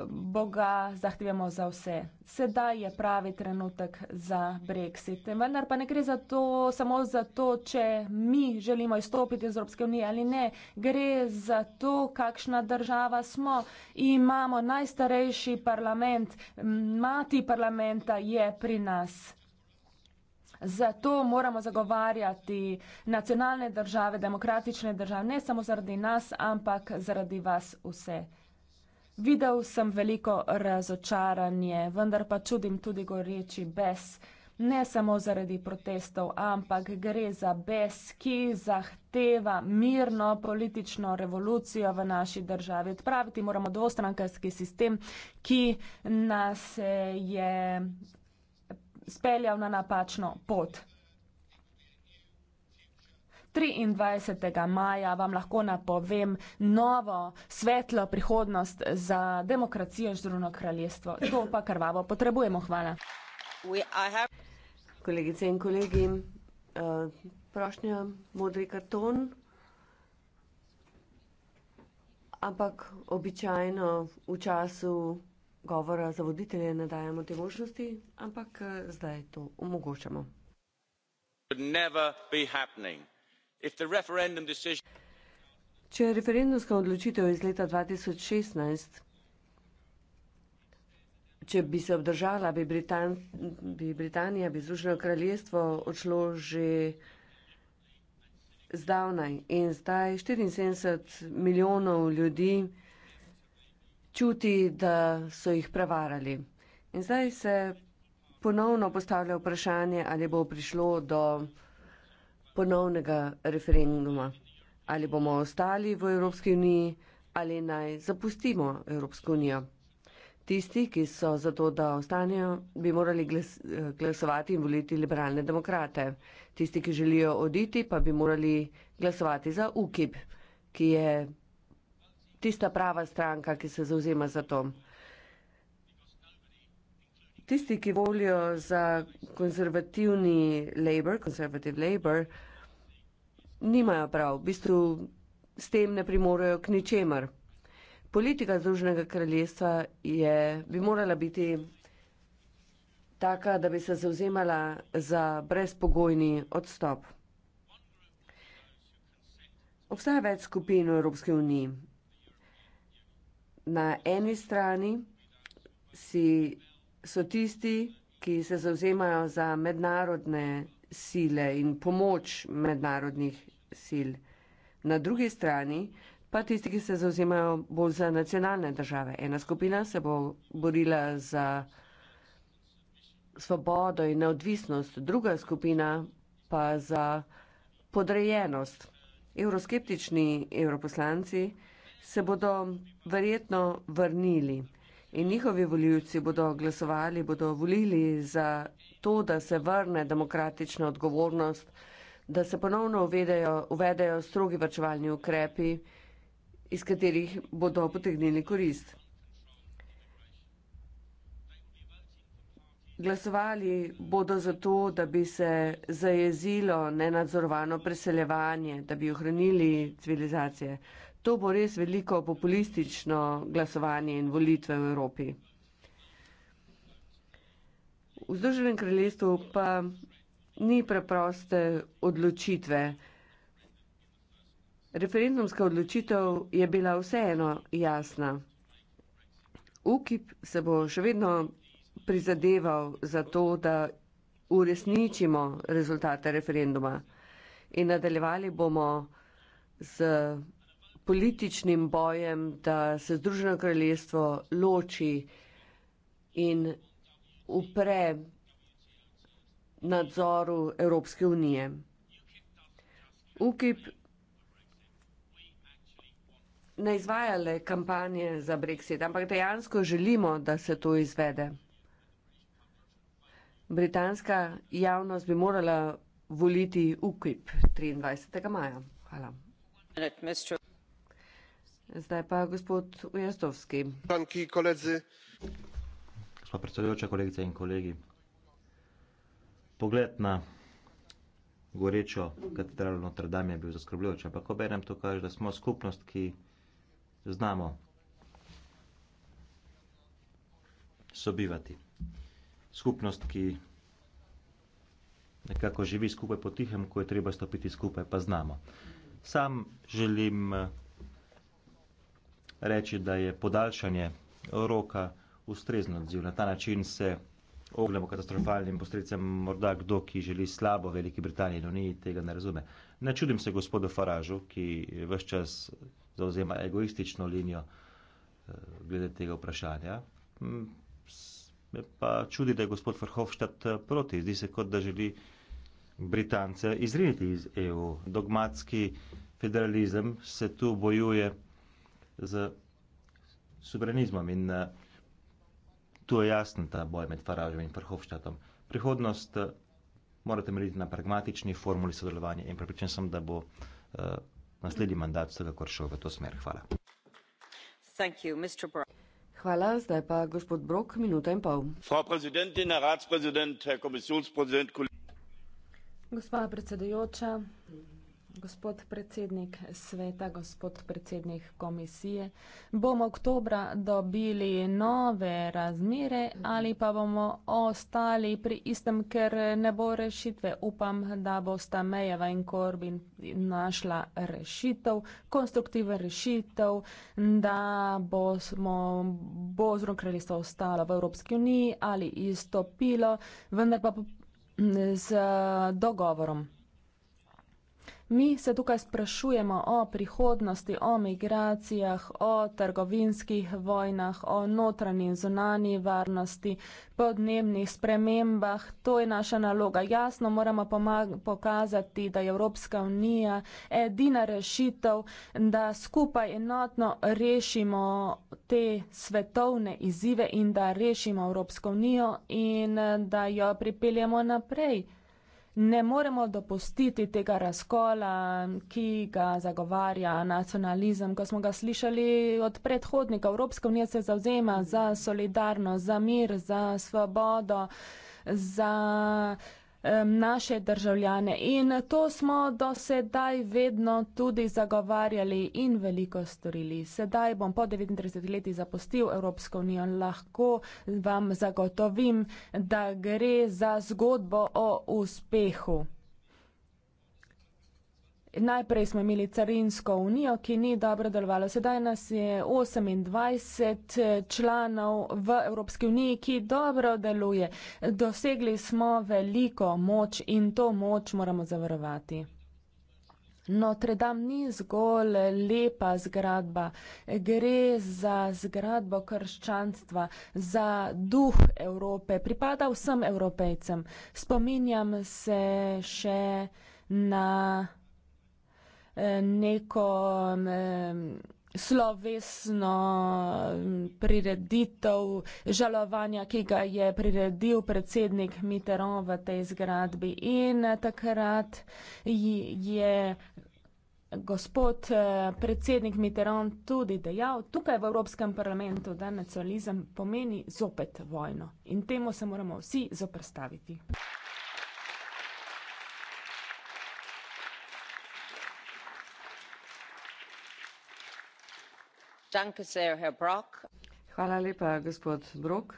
Boga zahtevamo za vse. Sedaj je pravi trenutek za Brexit. Vendar pa ne gre za to, samo za to, če mi želimo izstopiti iz Evropske unije ali ne. Gre za to, kakšna država smo. Imamo najstarejši parlament, mati parlamenta je pri nas. Zato moramo zagovarjati nacionalne države, demokratične države, ne samo zaradi nas, ampak zaradi vas vse. Videl sem veliko razočaranje, vendar pa čudim tudi goreči bes. Ne samo zaradi protestov, ampak gre za bes, ki zahteva mirno politično revolucijo v naši državi. Odpraviti moramo dvostrankarski sistem, ki nas je speljal na napačno pot. 23. maja vam lahko napovem novo svetlo prihodnost za demokracijo in Združeno kraljestvo. To pa krvavo potrebujemo. Hvala. Kolegice in kolegi, eh, prošnja modri karton. Ampak običajno v času govora za voditelje ne dajemo te možnosti, ampak eh, zdaj to omogočamo. Če je referendumska odločitev iz leta 2016, če bi se obdržala, bi, Britan, bi Britanija, bi Združeno kraljestvo odšlo že zdavnaj. In zdaj 74 milijonov ljudi čuti, da so jih prevarali. In zdaj se ponovno postavlja vprašanje, ali bo prišlo do ponovnega referenduma, ali bomo ostali v Evropski uniji ali naj zapustimo Evropsko unijo. Tisti, ki so za to, da ostanejo, bi morali glas, glasovati in voliti liberalne demokrate. Tisti, ki želijo oditi, pa bi morali glasovati za UKIP, ki je tista prava stranka, ki se zauzema za to. Tisti, ki volijo za konzervativni labor, konzervativ labor, nimajo prav, v bistvu s tem ne primorajo k ničemer. Politika Združenega kraljestva je, bi morala biti taka, da bi se zauzemala za brezpogojni odstop. Obstaja več skupin v Evropske uniji na eni strani si, so tisti, ki se zauzemajo za mednarodne sile in pomoč mednarodnih sil, na drugi strani pa tisti, ki se zauzemajo bolj za nacionalne države. Ena skupina se bo borila za svobodo in neodvisnost, druga skupina pa za podrejenost. Euroskeptični evroposlanci se bodo verjetno vrnili in njihovi voljivci bodo glasovali, bodo volili za to, da se vrne demokratična odgovornost, da se ponovno uvedejo, uvedejo strogi vrčevalni ukrepi, iz katerih bodo potegnili korist. Glasovali bodo za to, da bi se zajezilo nenadzorovano preseljevanje, da bi ohranili civilizacije. To bo res veliko populistično glasovanje in volitve v Evropi. V Združenem kraljestvu pa ni preproste odločitve. Referendumska odločitev je bila vseeno jasna. UKIP se bo še vedno prizadeval za to, da uresničimo rezultate referenduma in nadaljevali bomo z političnim bojem, da se Združeno kraljestvo loči in upre nadzoru Evropske unije. UKIP ne izvaja le kampanje za Brexit, ampak dejansko želimo, da se to izvede. Britanska javnost bi morala voliti UKIP 23. maja. Hvala. Minute, Mr gospa predsedujoča, kolegice in kolegi. Pogled na gorečo katedralo Notre Dame je bil zaskrbljujoč, ampak obenem to kaže, da smo skupnost, ki znamo sobivati. Skupnost, ki nekako živi skupaj po tihem, ko je treba stopiti skupaj, pa znamo. Sam želim eh, reči, da je podaljšanje roka ustrezno odziv. Na ta način se ognemo katastrofalnim posledicam, morda kdo, ki želi slabo Veliki Britaniji in no, Uniji, tega ne razume. Ne čudim se gospodu Faražu, ki vse čas zauzema egoistično linijo eh, glede tega vprašanja. Me pa čudi, da je gospod Verhofstadt eh, proti. Zdi se, kot da želi Britance izriniti iz EU. Dogmatski federalizem se tu bojuje z suverenizmom in eh, tu je jasen ta boj med Faražem in Vrhovščatom. Prihodnost eh, mora temeljiti na pragmatični formuli sodelovanja in pripričan sem, da bo eh, naslednji mandat vsekakor šel v to smer. Hvala. Thank you, Mr. Brown. Hvala, zdaj pa gospod Brok, minuta in pol. Gospa predsedujoča, Gospod predsednik sveta, gospod predsednik komisije, bomo oktobra dobili nove razmere ali pa bomo ostali pri istem, ker ne bo rešitve. Upam, da bosta Mejeva in Korbin našla rešitev, konstruktivno rešitev, da bo, bo zrok kraljestvo ostalo v Evropski uniji ali izstopilo, vendar pa z dogovorom. Mi se tukaj sprašujemo o prihodnosti, o migracijah, o trgovinskih vojnah, o notranji in zunani varnosti, podnebnih spremembah. To je naša naloga. Jasno moramo pokazati, da je Evropska unija edina rešitev, da skupaj enotno rešimo te svetovne izzive in da rešimo Evropsko unijo in da jo pripeljemo naprej ne moremo dopustiti tega razkola, ki ga zagovarja nacionalizem, ko smo ga slišali od predhodnika. Evropska unija se zauzema za solidarnost, za mir, za svobodo, za uh, naše državljane in to smo do sedaj vedno tudi zagovarjali in veliko storili. Sedaj bom po 39 leti zapustil Evropsko unijo in lahko vam zagotovim, da gre za zgodbo o uspehu. Najprej smo imeli carinsko unijo, ki ni dobro delovala. Sedaj nas je 28 članov v Evropski uniji, ki dobro deluje. Dosegli smo veliko moč in to moč moramo zavarovati. Notre Dame ni zgolj lepa zgradba, gre za zgradbo krščanstva, za duh Evrope, pripada vsem evropejcem. Spominjam se še na Eh, neko slovesno prireditev žalovanja, ki ga je priredil predsednik Mitterrand v tej zgradbi. In eh, takrat je gospod eh, predsednik Mitterrand tudi dejal, tukaj v Evropskem parlamentu, da nacionalizem pomeni zopet vojno. In temu se moramo vsi zoprstaviti. Hvala lepa, gospod Brok.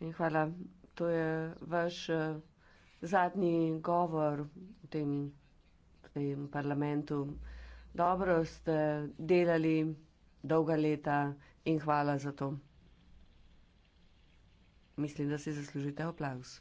In hvala, to je vaš eh, zadnji govor v tem, v tem parlamentu. Dobro ste delali dolga leta in hvala za to. Mislim, da si zaslužite aplaus.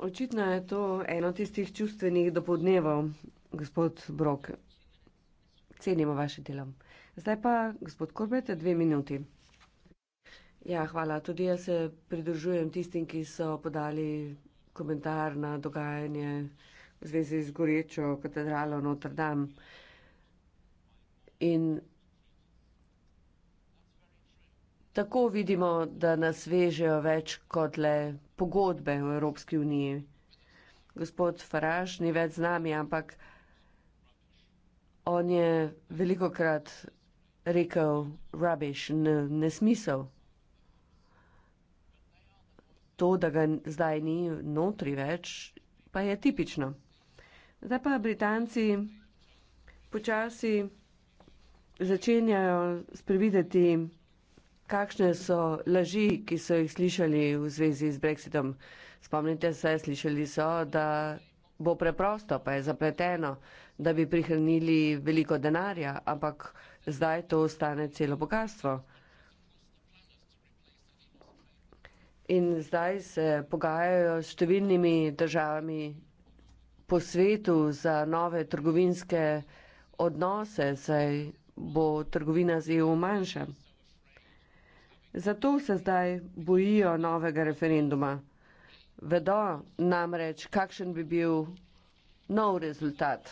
Očitno je to eno tistih čustvenih dopodnevov, gospod Brok. Cenimo vaše delo. Zdaj pa, gospod Korbet, dve minuti. Ja, hvala. Tudi jaz se pridružujem tistim, ki so podali komentar na dogajanje v zvezi z gorečo katedralo Notre Dame. In Tako vidimo, da nas vežejo več kot le pogodbe v Evropski uniji. Gospod Faraž ni več z nami, ampak on je veliko krat rekel rubbish, nesmisel. To, da ga zdaj ni notri več, pa je tipično. Zdaj pa Britanci počasi začenjajo sprevideti Kakšne so laži, ki so jih slišali v zvezi z Brexitom? Spomnite se, slišali so, da bo preprosto, pa je zapleteno, da bi prihranili veliko denarja, ampak zdaj to ostane celo bogatstvo. In zdaj se pogajajo s številnimi državami po svetu za nove trgovinske odnose, saj bo trgovina z EU manjša. Zato se zdaj bojijo novega referenduma. Vedo namreč, kakšen bi bil nov rezultat,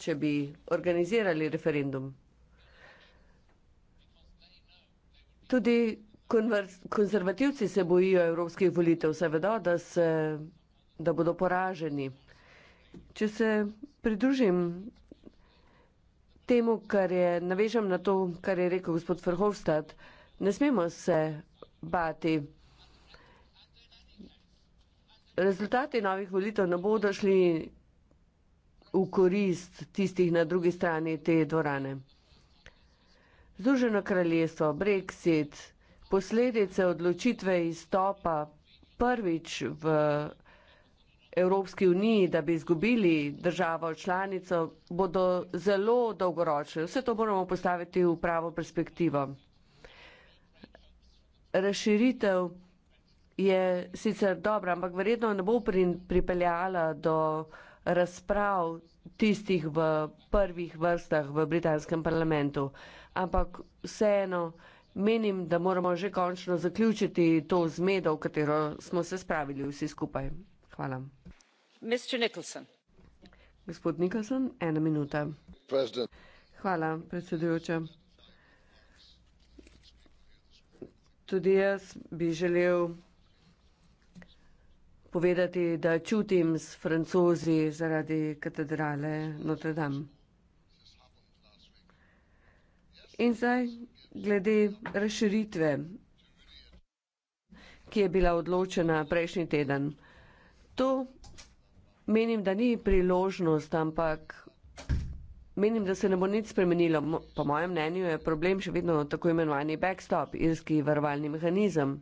če bi organizirali referendum. Tudi konzervativci se bojijo evropskih volitev, se vedo, da, se, da bodo poraženi. Če se pridružim temu, kar je, navežem na to, kar je rekel gospod Frhovstad, Ne smemo se bati. Rezultati novih volitev ne bodo šli v korist tistih na drugi strani te dvorane. Združeno kraljestvo, Brexit, posledice odločitve izstopa prvič v Evropski uniji, da bi izgubili državo članico, bodo zelo dolgoročne. Vse to moramo postaviti v pravo perspektivo razširitev je sicer dobra, ampak verjetno ne bo pri, pripeljala do razprav tistih v prvih vrstah v britanskem parlamentu. Ampak vseeno menim, da moramo že končno zaključiti to zmedo, v katero smo se spravili vsi skupaj. Hvala. Nicholson. Gospod Nicholson, ena minuta. President. Hvala, predsedujoča. tudi jaz bi želel povedati, da čutim s francozi zaradi katedrale Notre Dame. In zdaj glede razširitve, ki je bila odločena prejšnji teden. To menim, da ni priložnost, ampak Menim, da se ne bo nič spremenilo. Po mojem mnenju je problem še vedno tako imenovani backstop, irski varovalni mehanizem.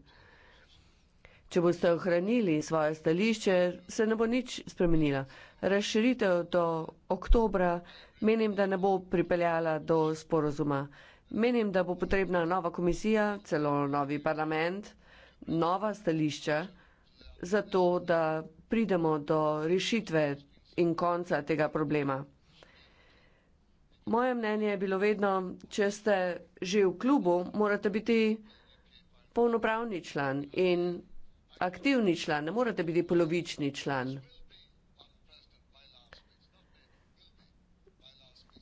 Če boste ohranili svoje stališče, se ne bo nič spremenilo. Razširitev do oktobra menim, da ne bo pripeljala do sporozuma. Menim, da bo potrebna nova komisija, celo novi parlament, nova stališča, zato da pridemo do rešitve in konca tega problema moje mnenje je bilo vedno, če ste že v klubu, morate biti polnopravni član in aktivni član, ne morate biti polovični član.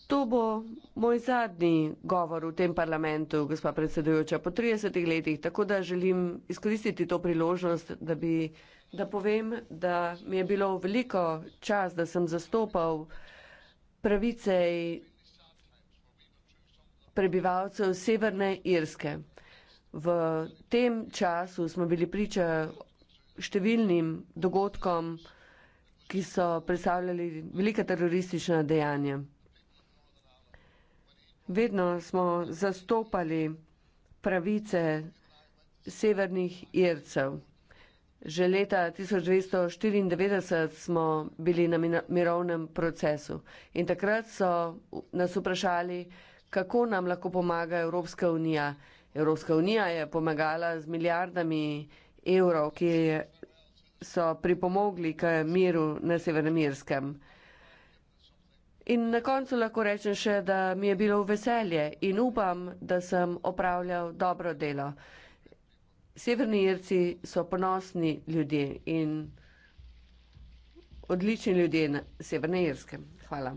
To bo moj zadnji govor v tem parlamentu, gospa predsedujoča, po 30 letih, tako da želim izkoristiti to priložnost, da, bi, da povem, da mi je bilo veliko čas, da sem zastopal pravice in prebivalcev Severne Irske. V tem času smo bili priča številnim dogodkom, ki so predstavljali velika teroristična dejanja. Vedno smo zastopali pravice severnih ircev. Že leta 1994 smo bili na mirovnem procesu in takrat so nas vprašali, kako nam lahko pomaga Evropska unija. Evropska unija je pomagala z milijardami evrov, ki so pripomogli k miru na Severnemirskem. In na koncu lahko rečem še, da mi je bilo veselje in upam, da sem opravljal dobro delo. Severni Irci so ponosni ljudje in odlični ljudje na Severnem Irskem. Hvala.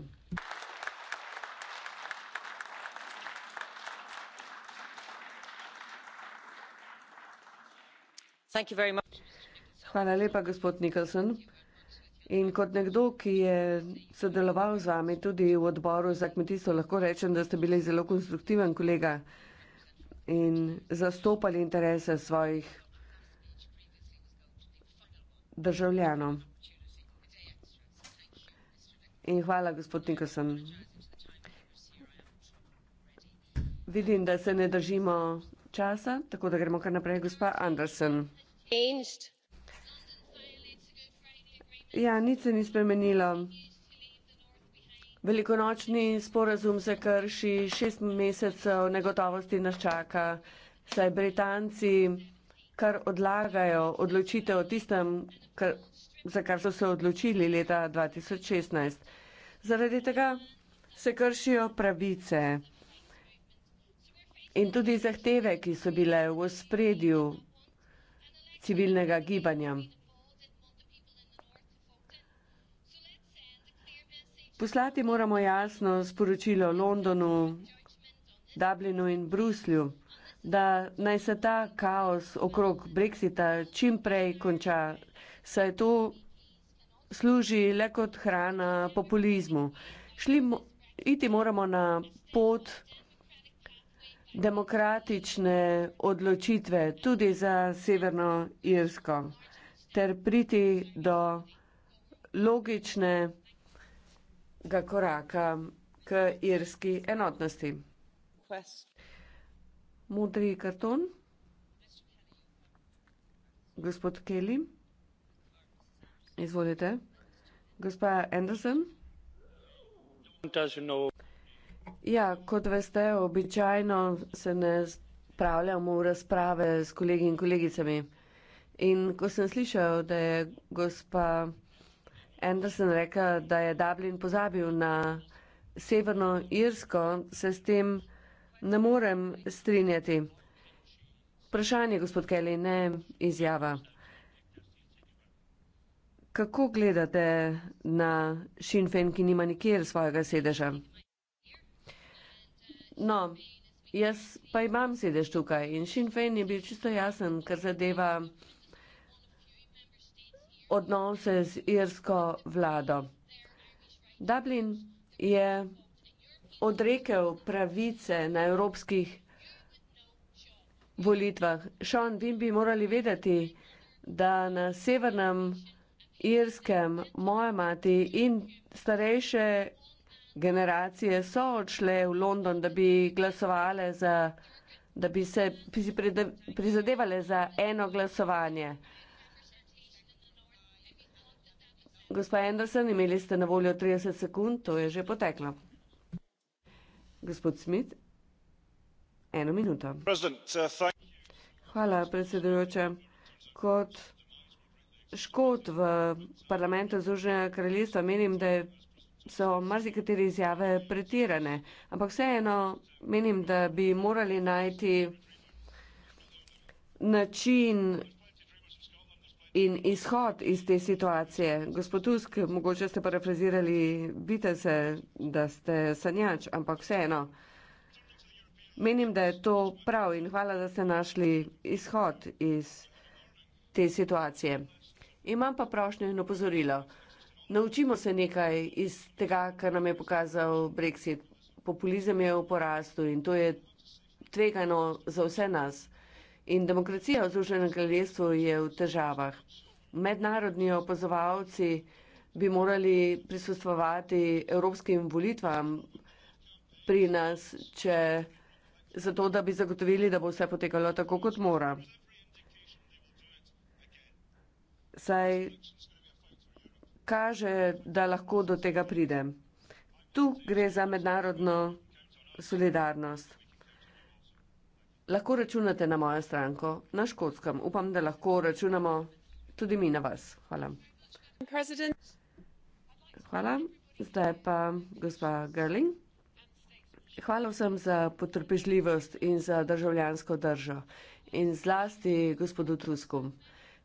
Hvala lepa, gospod Nikolson. In kot nekdo, ki je sodeloval z vami tudi v odboru za kmetijstvo, lahko rečem, da ste bili zelo konstruktiven kolega in zastopali interese svojih državljanov. In hvala, gospod Nikolson. Vidim, da se ne držimo časa, tako da gremo kar naprej, gospa Andersen. Ja, nič se ni spremenilo. Velikonočni sporazum se krši, šest mesecev negotovosti nas čaka, saj Britanci kar odlagajo odločitev o tistem, kar, za kar so se odločili leta 2016. Zaradi tega se kršijo pravice in tudi zahteve, ki so bile v spredju civilnega gibanja. Poslati moramo jasno sporočilo Londonu, Dublinu in Bruslju, da naj se ta kaos okrog Brexita čim prej konča, saj to služi le kot hrana populizmu. Šli mo iti moramo na pot, demokratične odločitve tudi za Severno Irsko ter priti do logičnega koraka k irski enotnosti. Modri karton. Gospod Kelly. Izvolite. Gospa Anderson. Doesn't know. Ja, kot veste, običajno se ne spravljamo v razprave s kolegi in kolegicami. In ko sem slišal, da je gospa Anderson rekla, da je Dublin pozabil na Severno Irsko, se s tem ne morem strinjati. Vprašanje, gospod Kelly, ne izjava. Kako gledate na Sinn Féin, ki nima nikjer svojega sedeža? No, jaz pa imam sedež tukaj in Sinn Fein je bil čisto jasen, kar zadeva odnose z irsko vlado. Dublin je odrekel pravice na evropskih volitvah. Sean, vi bi morali vedeti, da na severnem irskem moja mati in starejše generacije so odšle v London, da bi glasovali za, da bi se prizadevali za eno glasovanje. Gospa Anderson, imeli ste na voljo 30 sekund, to je že poteklo. Gospod Smith, eno minuto. Hvala, predsedujoče. Kot škot v parlamentu Združenega kraljestva menim, da je so marsikateri izjave pretirane, ampak vseeno menim, da bi morali najti način in izhod iz te situacije. Gospod Tusk, mogoče ste parafrazirali, bite se, da ste sanjač, ampak vseeno. Menim, da je to prav in hvala, da ste našli izhod iz te situacije. Imam pa prošnjo in opozorilo. Naučimo se nekaj iz tega, kar nam je pokazal Brexit. Populizem je v porastu in to je tvegano za vse nas. In demokracija v Združenem kraljestvu je v težavah. Mednarodni opazovalci bi morali prisustvovati evropskim volitvam pri nas, če zato, da bi zagotovili, da bo vse potekalo tako, kot mora. Saj kaže, da lahko do tega pride. Tu gre za mednarodno solidarnost. Lahko računate na mojo stranko, na škotskem. Upam, da lahko računamo tudi mi na vas. Hvala. Hvala. Zdaj pa gospa Gerling. Hvala vsem za potrpežljivost in za državljansko držo. In zlasti gospodu Truskom.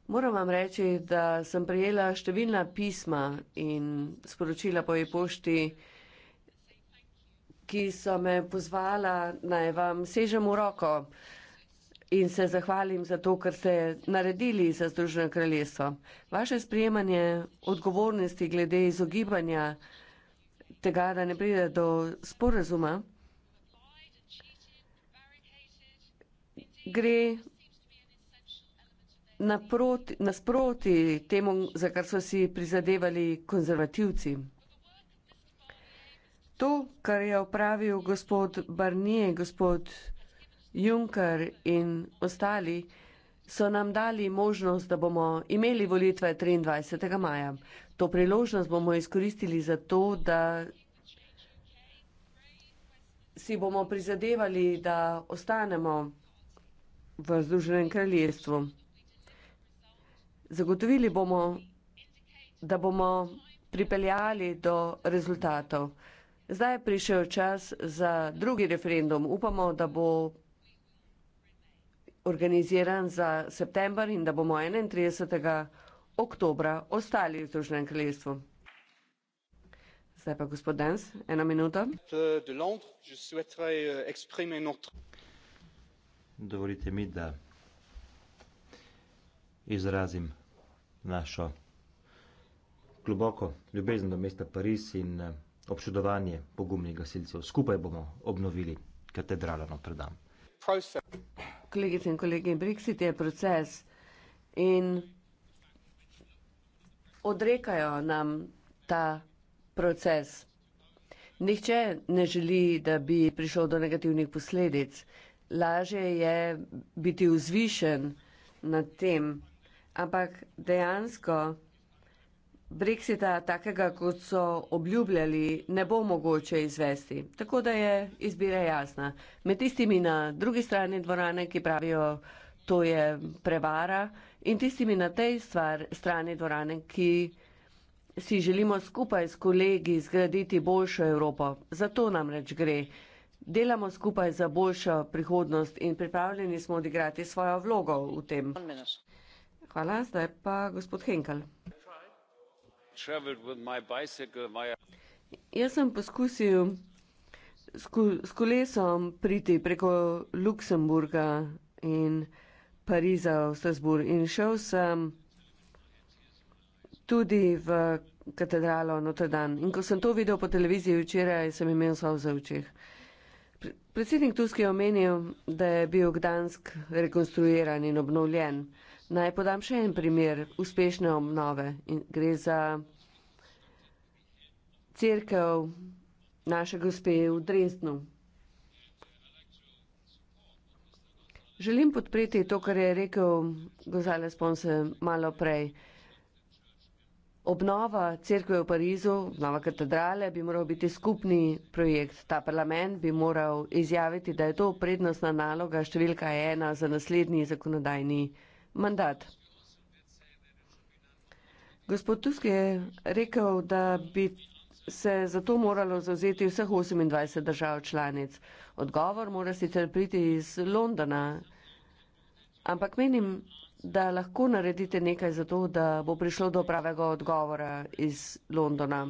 Moram vam reči, da sem prejela številna pisma in sporočila po e-pošti, ki so me pozvala, naj vam sežem v roko in se zahvalim za to, kar ste naredili za Združeno kraljestvo. Vaše sprejemanje odgovornosti glede izogibanja tega, da ne pride do sporazuma, gre nasproti temu, za kar so si prizadevali konzervativci. To, kar je opravil gospod Barnije, gospod Juncker in ostali, so nam dali možnost, da bomo imeli volitve 23. maja. To priložnost bomo izkoristili za to, da si bomo prizadevali, da ostanemo v Združenem kraljestvu. Zagotovili bomo, da bomo pripeljali do rezultatov. Zdaj je prišel čas za drugi referendum. Upamo, da bo organiziran za september in da bomo 31. oktobra ostali v Združenem kraljestvu. Zdaj pa gospod Dens, ena minuta. Euh, Dovolite mi, da izrazim našo globoko ljubezen do mesta Pariz in eh, občudovanje pogumnih gasilcev. Skupaj bomo obnovili katedralo Notre Dame. Kolegice in kolegi, Brexit je proces in odrekajo nam ta proces. Nihče ne želi, da bi prišlo do negativnih posledic. Laže je biti vzvišen nad tem, ampak dejansko Brexita, takega kot so obljubljali, ne bo mogoče izvesti. Tako da je izbira jasna. Med tistimi na drugi strani dvorane, ki pravijo, to je prevara, in tistimi na tej stvar, strani dvorane, ki si želimo skupaj s kolegi zgraditi boljšo Evropo. Zato nam reč gre. Delamo skupaj za boljšo prihodnost in pripravljeni smo odigrati svojo vlogo v tem. Minus. Hvala. Zdaj pa gospod Henkel. Jaz sem poskusil s, ko, s kolesom priti preko Luksemburga in Pariza v Strasburg in šel sem tudi v katedralo Notre Dame. In ko sem to videl po televiziji včeraj, sem imel sol za očeh. Predsednik Tusk je omenil, da je bil Gdansk rekonstruiran in obnovljen. Naj podam še en primer uspešne obnove. In gre za crkev naše gospe v Dresdnu. Želim podpreti to, kar je rekel Gozale Sponse malo prej. Obnova crkve v Parizu, obnova katedrale bi moral biti skupni projekt. Ta parlament bi moral izjaviti, da je to prednostna naloga številka ena za naslednji zakonodajni projekt mandat. Gospod Tusk je rekel, da bi se za to moralo zauzeti vseh 28 držav članic. Odgovor mora sicer priti iz Londona, ampak menim, da lahko naredite nekaj za to, da bo prišlo do pravega odgovora iz Londona.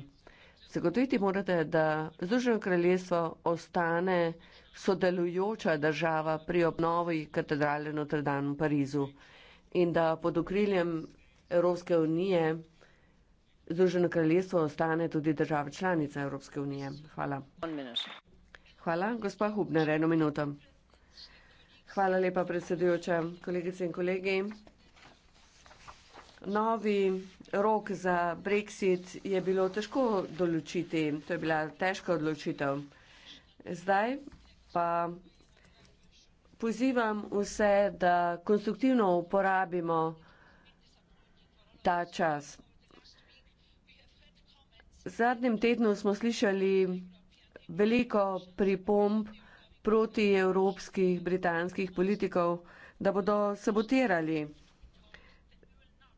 Zagotoviti morate, da Združeno kraljestvo ostane sodelujoča država pri obnovi katedrale Notre Dame v Parizu in da pod okriljem Evropske unije Združeno kraljestvo ostane tudi država članica Evropske unije. Hvala. Hvala, gospa Hubner, eno minuto. Hvala lepa, predsedujoča, kolegice in kolegi. Novi rok za Brexit je bilo težko določiti, to je bila težka odločitev. Zdaj pa pozivam vse, da konstruktivno uporabimo ta čas. V zadnjem tednu smo slišali veliko pripomb proti evropskih britanskih politikov, da bodo sabotirali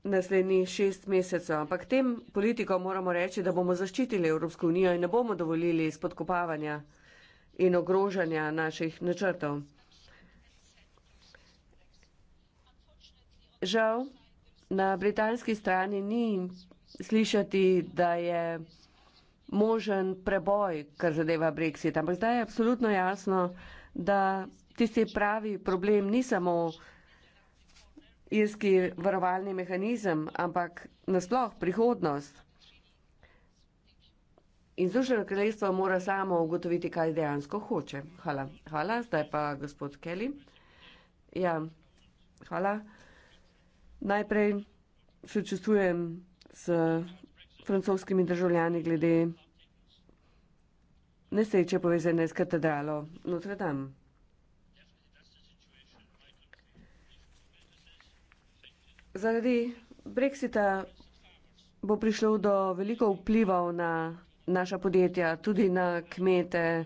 naslednji šest mesecev. Ampak tem politikom moramo reči, da bomo zaščitili Evropsko unijo in ne bomo dovolili spodkopavanja in ogrožanja naših načrtov. žal na britanski strani ni slišati, da je možen preboj, kar zadeva Brexit. Ampak zdaj je absolutno jasno, da tisti pravi problem ni samo irski varovalni mehanizem, ampak nasploh prihodnost. In Združeno kraljestvo mora samo ugotoviti, kaj dejansko hoče. Hvala. Hvala. Zdaj pa gospod Kelly. Ja, hvala. Najprej sočustvujem s francoskimi državljani glede nesreče povezane s katedralo Notre Dame. Zaradi Brexita bo prišlo do veliko vplivov na naša podjetja, tudi na kmete.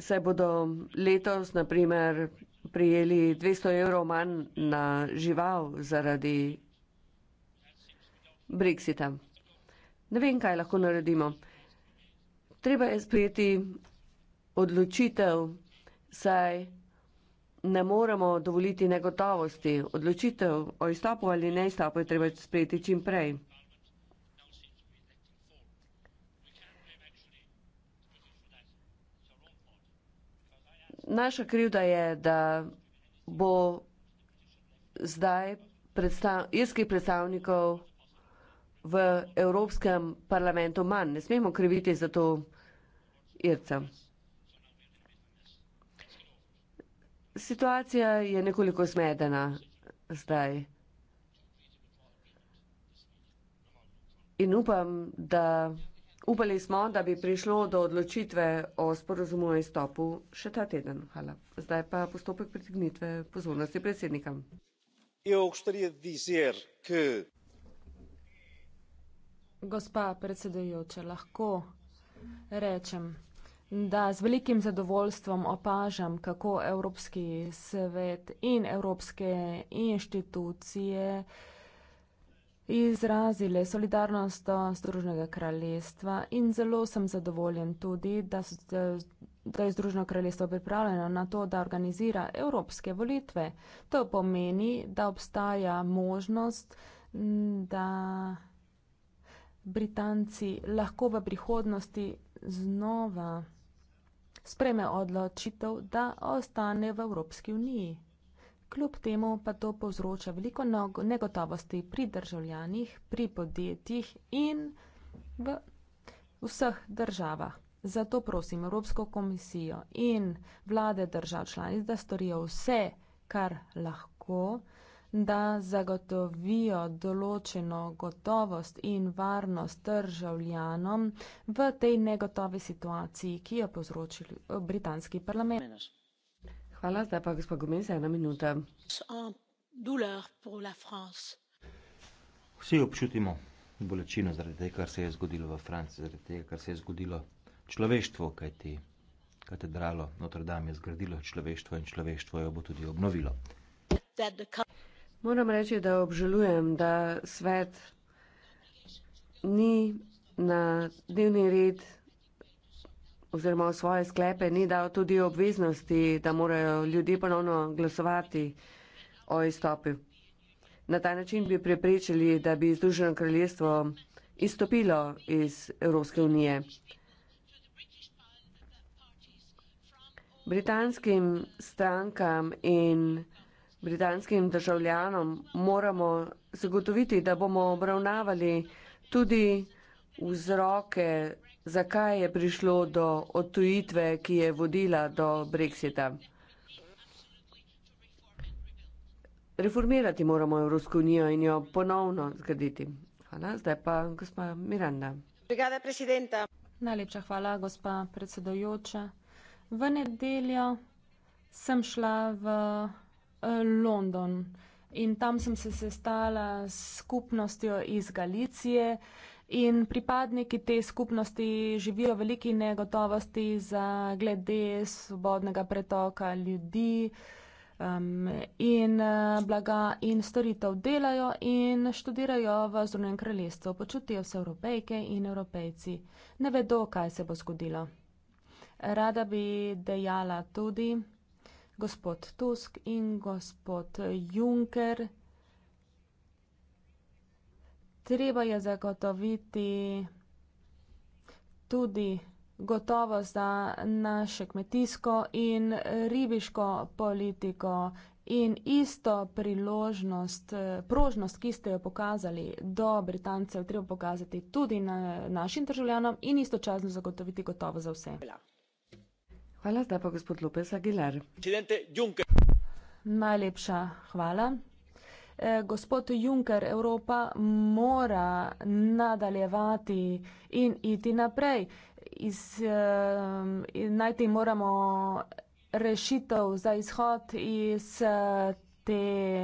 Se bodo letos, naprimer, prijeli 200 evrov manj na žival zaradi Brexita. Ne vem, kaj lahko naredimo. Treba je sprejeti odločitev, saj ne moremo dovoliti negotovosti. Odločitev o izstopu ali ne izstopu je treba sprejeti čim prej. naša krivda je, da bo zdaj predstav, irskih predstavnikov v Evropskem parlamentu manj. Ne smemo kriviti za to Ircem. Situacija je nekoliko smedena zdaj. In upam, da Upali smo, da bi prišlo do odločitve o sporozumu o izstopu še ta teden. Hvala. Zdaj pa postopek pritegnitve pozornosti predsednika. Gospa predsedujoča, lahko rečem, da z velikim zadovoljstvom opažam, kako Evropski svet in evropske inštitucije izrazile solidarnost Združnega kraljestva in zelo sem zadovoljen tudi, da, so, da je Združno kraljestvo pripravljeno na to, da organizira evropske volitve. To pomeni, da obstaja možnost, da Britanci lahko v prihodnosti znova spreme odločitev, da ostane v Evropski uniji kljub temu pa to povzroča veliko negotovosti pri državljanih, pri podjetjih in v vseh državah. Zato prosim Evropsko komisijo in vlade držav članic, da storijo vse, kar lahko, da zagotovijo določeno gotovost in varnost državljanom v tej negotovi situaciji, ki jo povzročili britanski parlament. Menos. Hvala. Zdaj pa gospa Gomez, ena minuta. Vsi občutimo bolečino zaradi tega, kar se je zgodilo v Franciji, zaradi tega, kar se je zgodilo človeštvo, kaj ti katedralo Notre Dame je zgradilo človeštvo in človeštvo jo bo tudi obnovilo. Moram reči, da obžalujem, da svet ni na dnevni red oziroma v svoje sklepe ni dal tudi obveznosti, da morajo ljudje ponovno glasovati o izstopi. Na ta način bi preprečili, da bi Združeno kraljestvo izstopilo iz Evropske unije. Britanskim strankam in britanskim državljanom moramo zagotoviti, da bomo obravnavali tudi vzroke zakaj je prišlo do odtujitve, ki je vodila do brexita. Reformirati moramo Evropsko unijo in jo ponovno zgraditi. Hvala, zdaj pa gospa Miranda. Najlepša hvala, gospa predsedojoča. V nedeljo sem šla v eh, London in tam sem se sestala s skupnostjo iz Galicije in pripadniki te skupnosti živijo v veliki negotovosti za glede svobodnega pretoka ljudi um, in uh, blaga in storitev delajo in študirajo v zunanjem kraljestvu. Počutijo se evropejke in evropejci. Ne vedo, kaj se bo zgodilo. Rada bi dejala tudi gospod Tusk in gospod Juncker treba je zagotoviti tudi gotovost za naše kmetijsko in ribiško politiko in isto priložnost, prožnost, ki ste jo pokazali do Britancev, treba pokazati tudi na našim državljanom in istočasno zagotoviti gotovo za vse. Hvala, zdaj pa gospod Lopez Aguilar. Najlepša hvala. Eh, gospod Juncker, Evropa mora nadaljevati in iti naprej. Iz, eh, najti moramo rešitev za izhod iz eh, te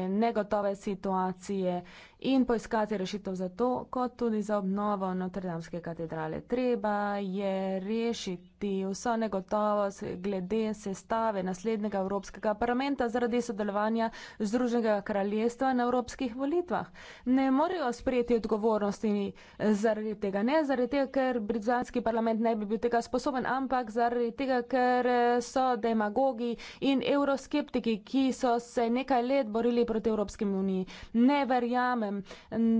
negotove situacije in poiskati rešitev za to, kot tudi za obnovo Notrdamske katedrale. Treba je rešiti vso negotovost glede sestave naslednjega Evropskega parlamenta zaradi sodelovanja Združenega kraljestva na evropskih volitvah. Ne morejo sprejeti odgovornosti zaradi tega, ne zaradi tega, ker britanski parlament ne bi bil tega sposoben, ampak zaradi tega, ker so demagogi in euroskeptiki, ki so se nekaj let borili proti Evropskem uniji. Ne verjame pravim,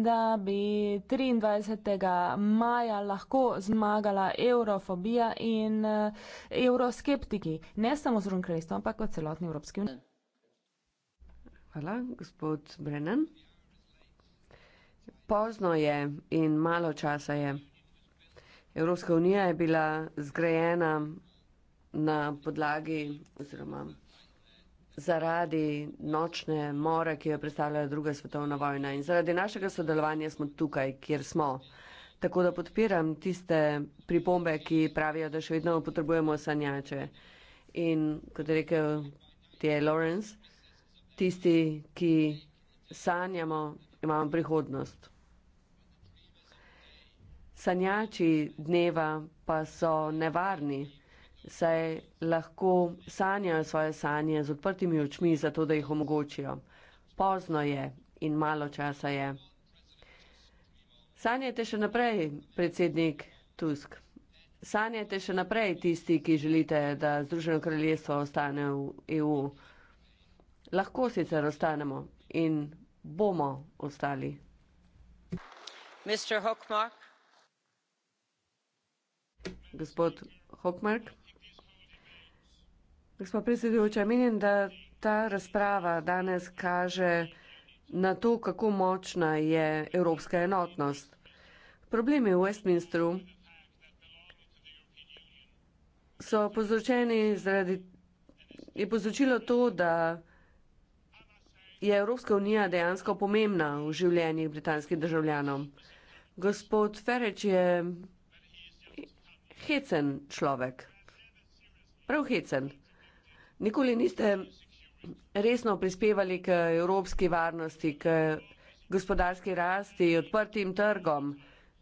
da bi 23. maja lahko zmagala eurofobija in eh, euroskeptiki, ne samo z Runkrejstvom, ampak v celotni Evropski uniji. Hvala, gospod Brennan. Pozno je in malo časa je. Evropska unija je bila zgrajena na podlagi oziroma zaradi nočne more, ki jo predstavljala druga svetovna vojna in zaradi našega sodelovanja smo tukaj, kjer smo. Tako da podpiram tiste pripombe, ki pravijo, da še vedno potrebujemo sanjače. In kot je rekel T.A. Lawrence, tisti, ki sanjamo, imamo prihodnost. Sanjači dneva pa so nevarni saj lahko sanjajo svoje sanje z odprtimi očmi, zato da jih omogočijo. Pozno je in malo časa je. Sanjajte še naprej, predsednik Tusk. Sanjajte še naprej tisti, ki želite, da Združeno kraljestvo ostane v EU. Lahko sicer ostanemo in bomo ostali. Gospod Hockmark. Gospod predsedujoča, menim, da ta razprava danes kaže na to, kako močna je evropska enotnost. Problemi v Westminsteru so povzročeni zaradi, je povzročilo to, da je Evropska unija dejansko pomembna v življenjih britanskih državljanov. Gospod Ferreč je hecen človek, prav hecen. Nikoli niste resno prispevali k evropski varnosti, k gospodarski rasti, odprtim trgom.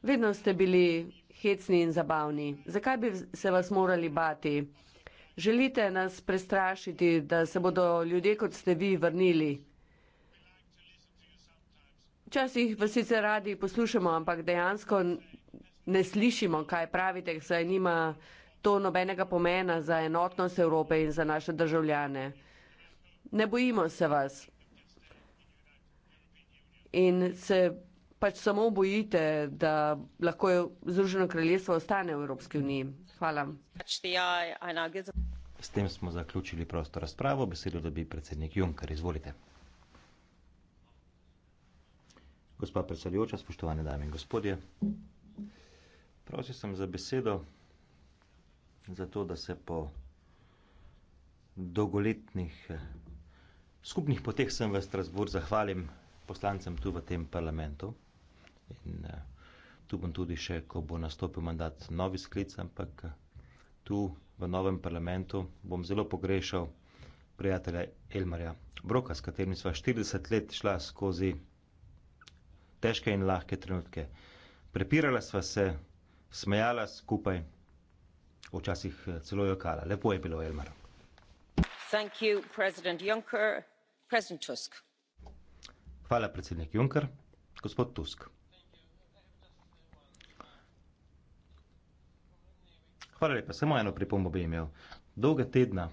Vedno ste bili hecni in zabavni. Zakaj bi se vas morali bati? Želite nas prestrašiti, da se bodo ljudje, kot ste vi, vrnili? Včasih vas sicer radi poslušamo, ampak dejansko ne slišimo, kaj pravite, saj nima to nobenega pomena za enotnost Evrope in za naše državljane. Ne bojimo se vas. In se pač samo bojite, da lahko Združeno kraljestvo ostane v Evropski uniji. Hvala. S tem smo zaključili prosto razpravo. Besedo dobi predsednik Juncker. Izvolite. Gospa predsedujoča, spoštovane dame in gospodje, prosil sem za besedo zato da se po dolgoletnih eh, skupnih poteh sem v Strasbourg zahvalim poslancem tu v tem parlamentu. In eh, tu bom tudi še, ko bo nastopil mandat novi sklic, ampak eh, tu v novem parlamentu bom zelo pogrešal prijatelja Elmarja Broka, s katerim sva 40 let šla skozi težke in lahke trenutke. Prepirala sva se, smejala skupaj, včasih eh, celo jokala. lepo je bilo elmar. hvala predsednik juncker gospod tusk. hvala lepa samo eno pripombo bi imel. dolga tedna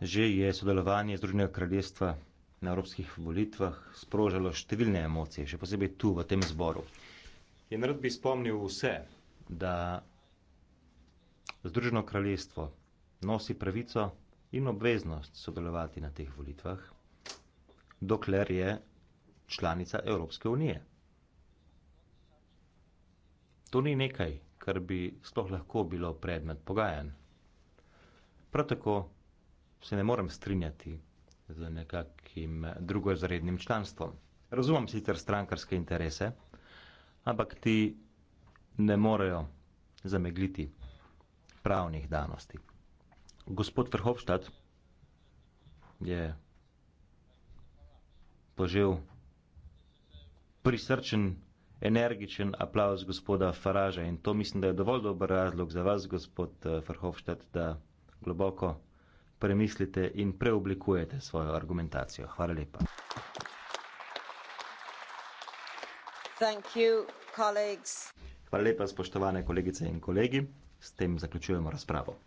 že je sodelovanje združenega kraljestva na evropskih volitvah sprožalo številne emocije še posebej tu v tem zboru. in rad bi spomnil vse da Združeno kraljestvo nosi pravico in obveznost sodelovati na teh volitvah, dokler je članica Evropske unije. To ni nekaj, kar bi sploh lahko bilo predmet pogajanj. Prav tako se ne morem strinjati z nekakim drugozrednim članstvom. Razumem sicer strankarske interese, ampak ti ne morejo zamegliti pravnih danosti. Gospod Verhofstadt je požel prisrčen, energičen aplavz gospoda Faraža in to mislim, da je dovolj dober razlog za vas, gospod eh, Verhofstadt, da globoko premislite in preoblikujete svojo argumentacijo. Hvala lepa. Thank you, colleagues. Hvala lepa, spoštovane kolegice in kolegi. S tem zaključujemo razpravo.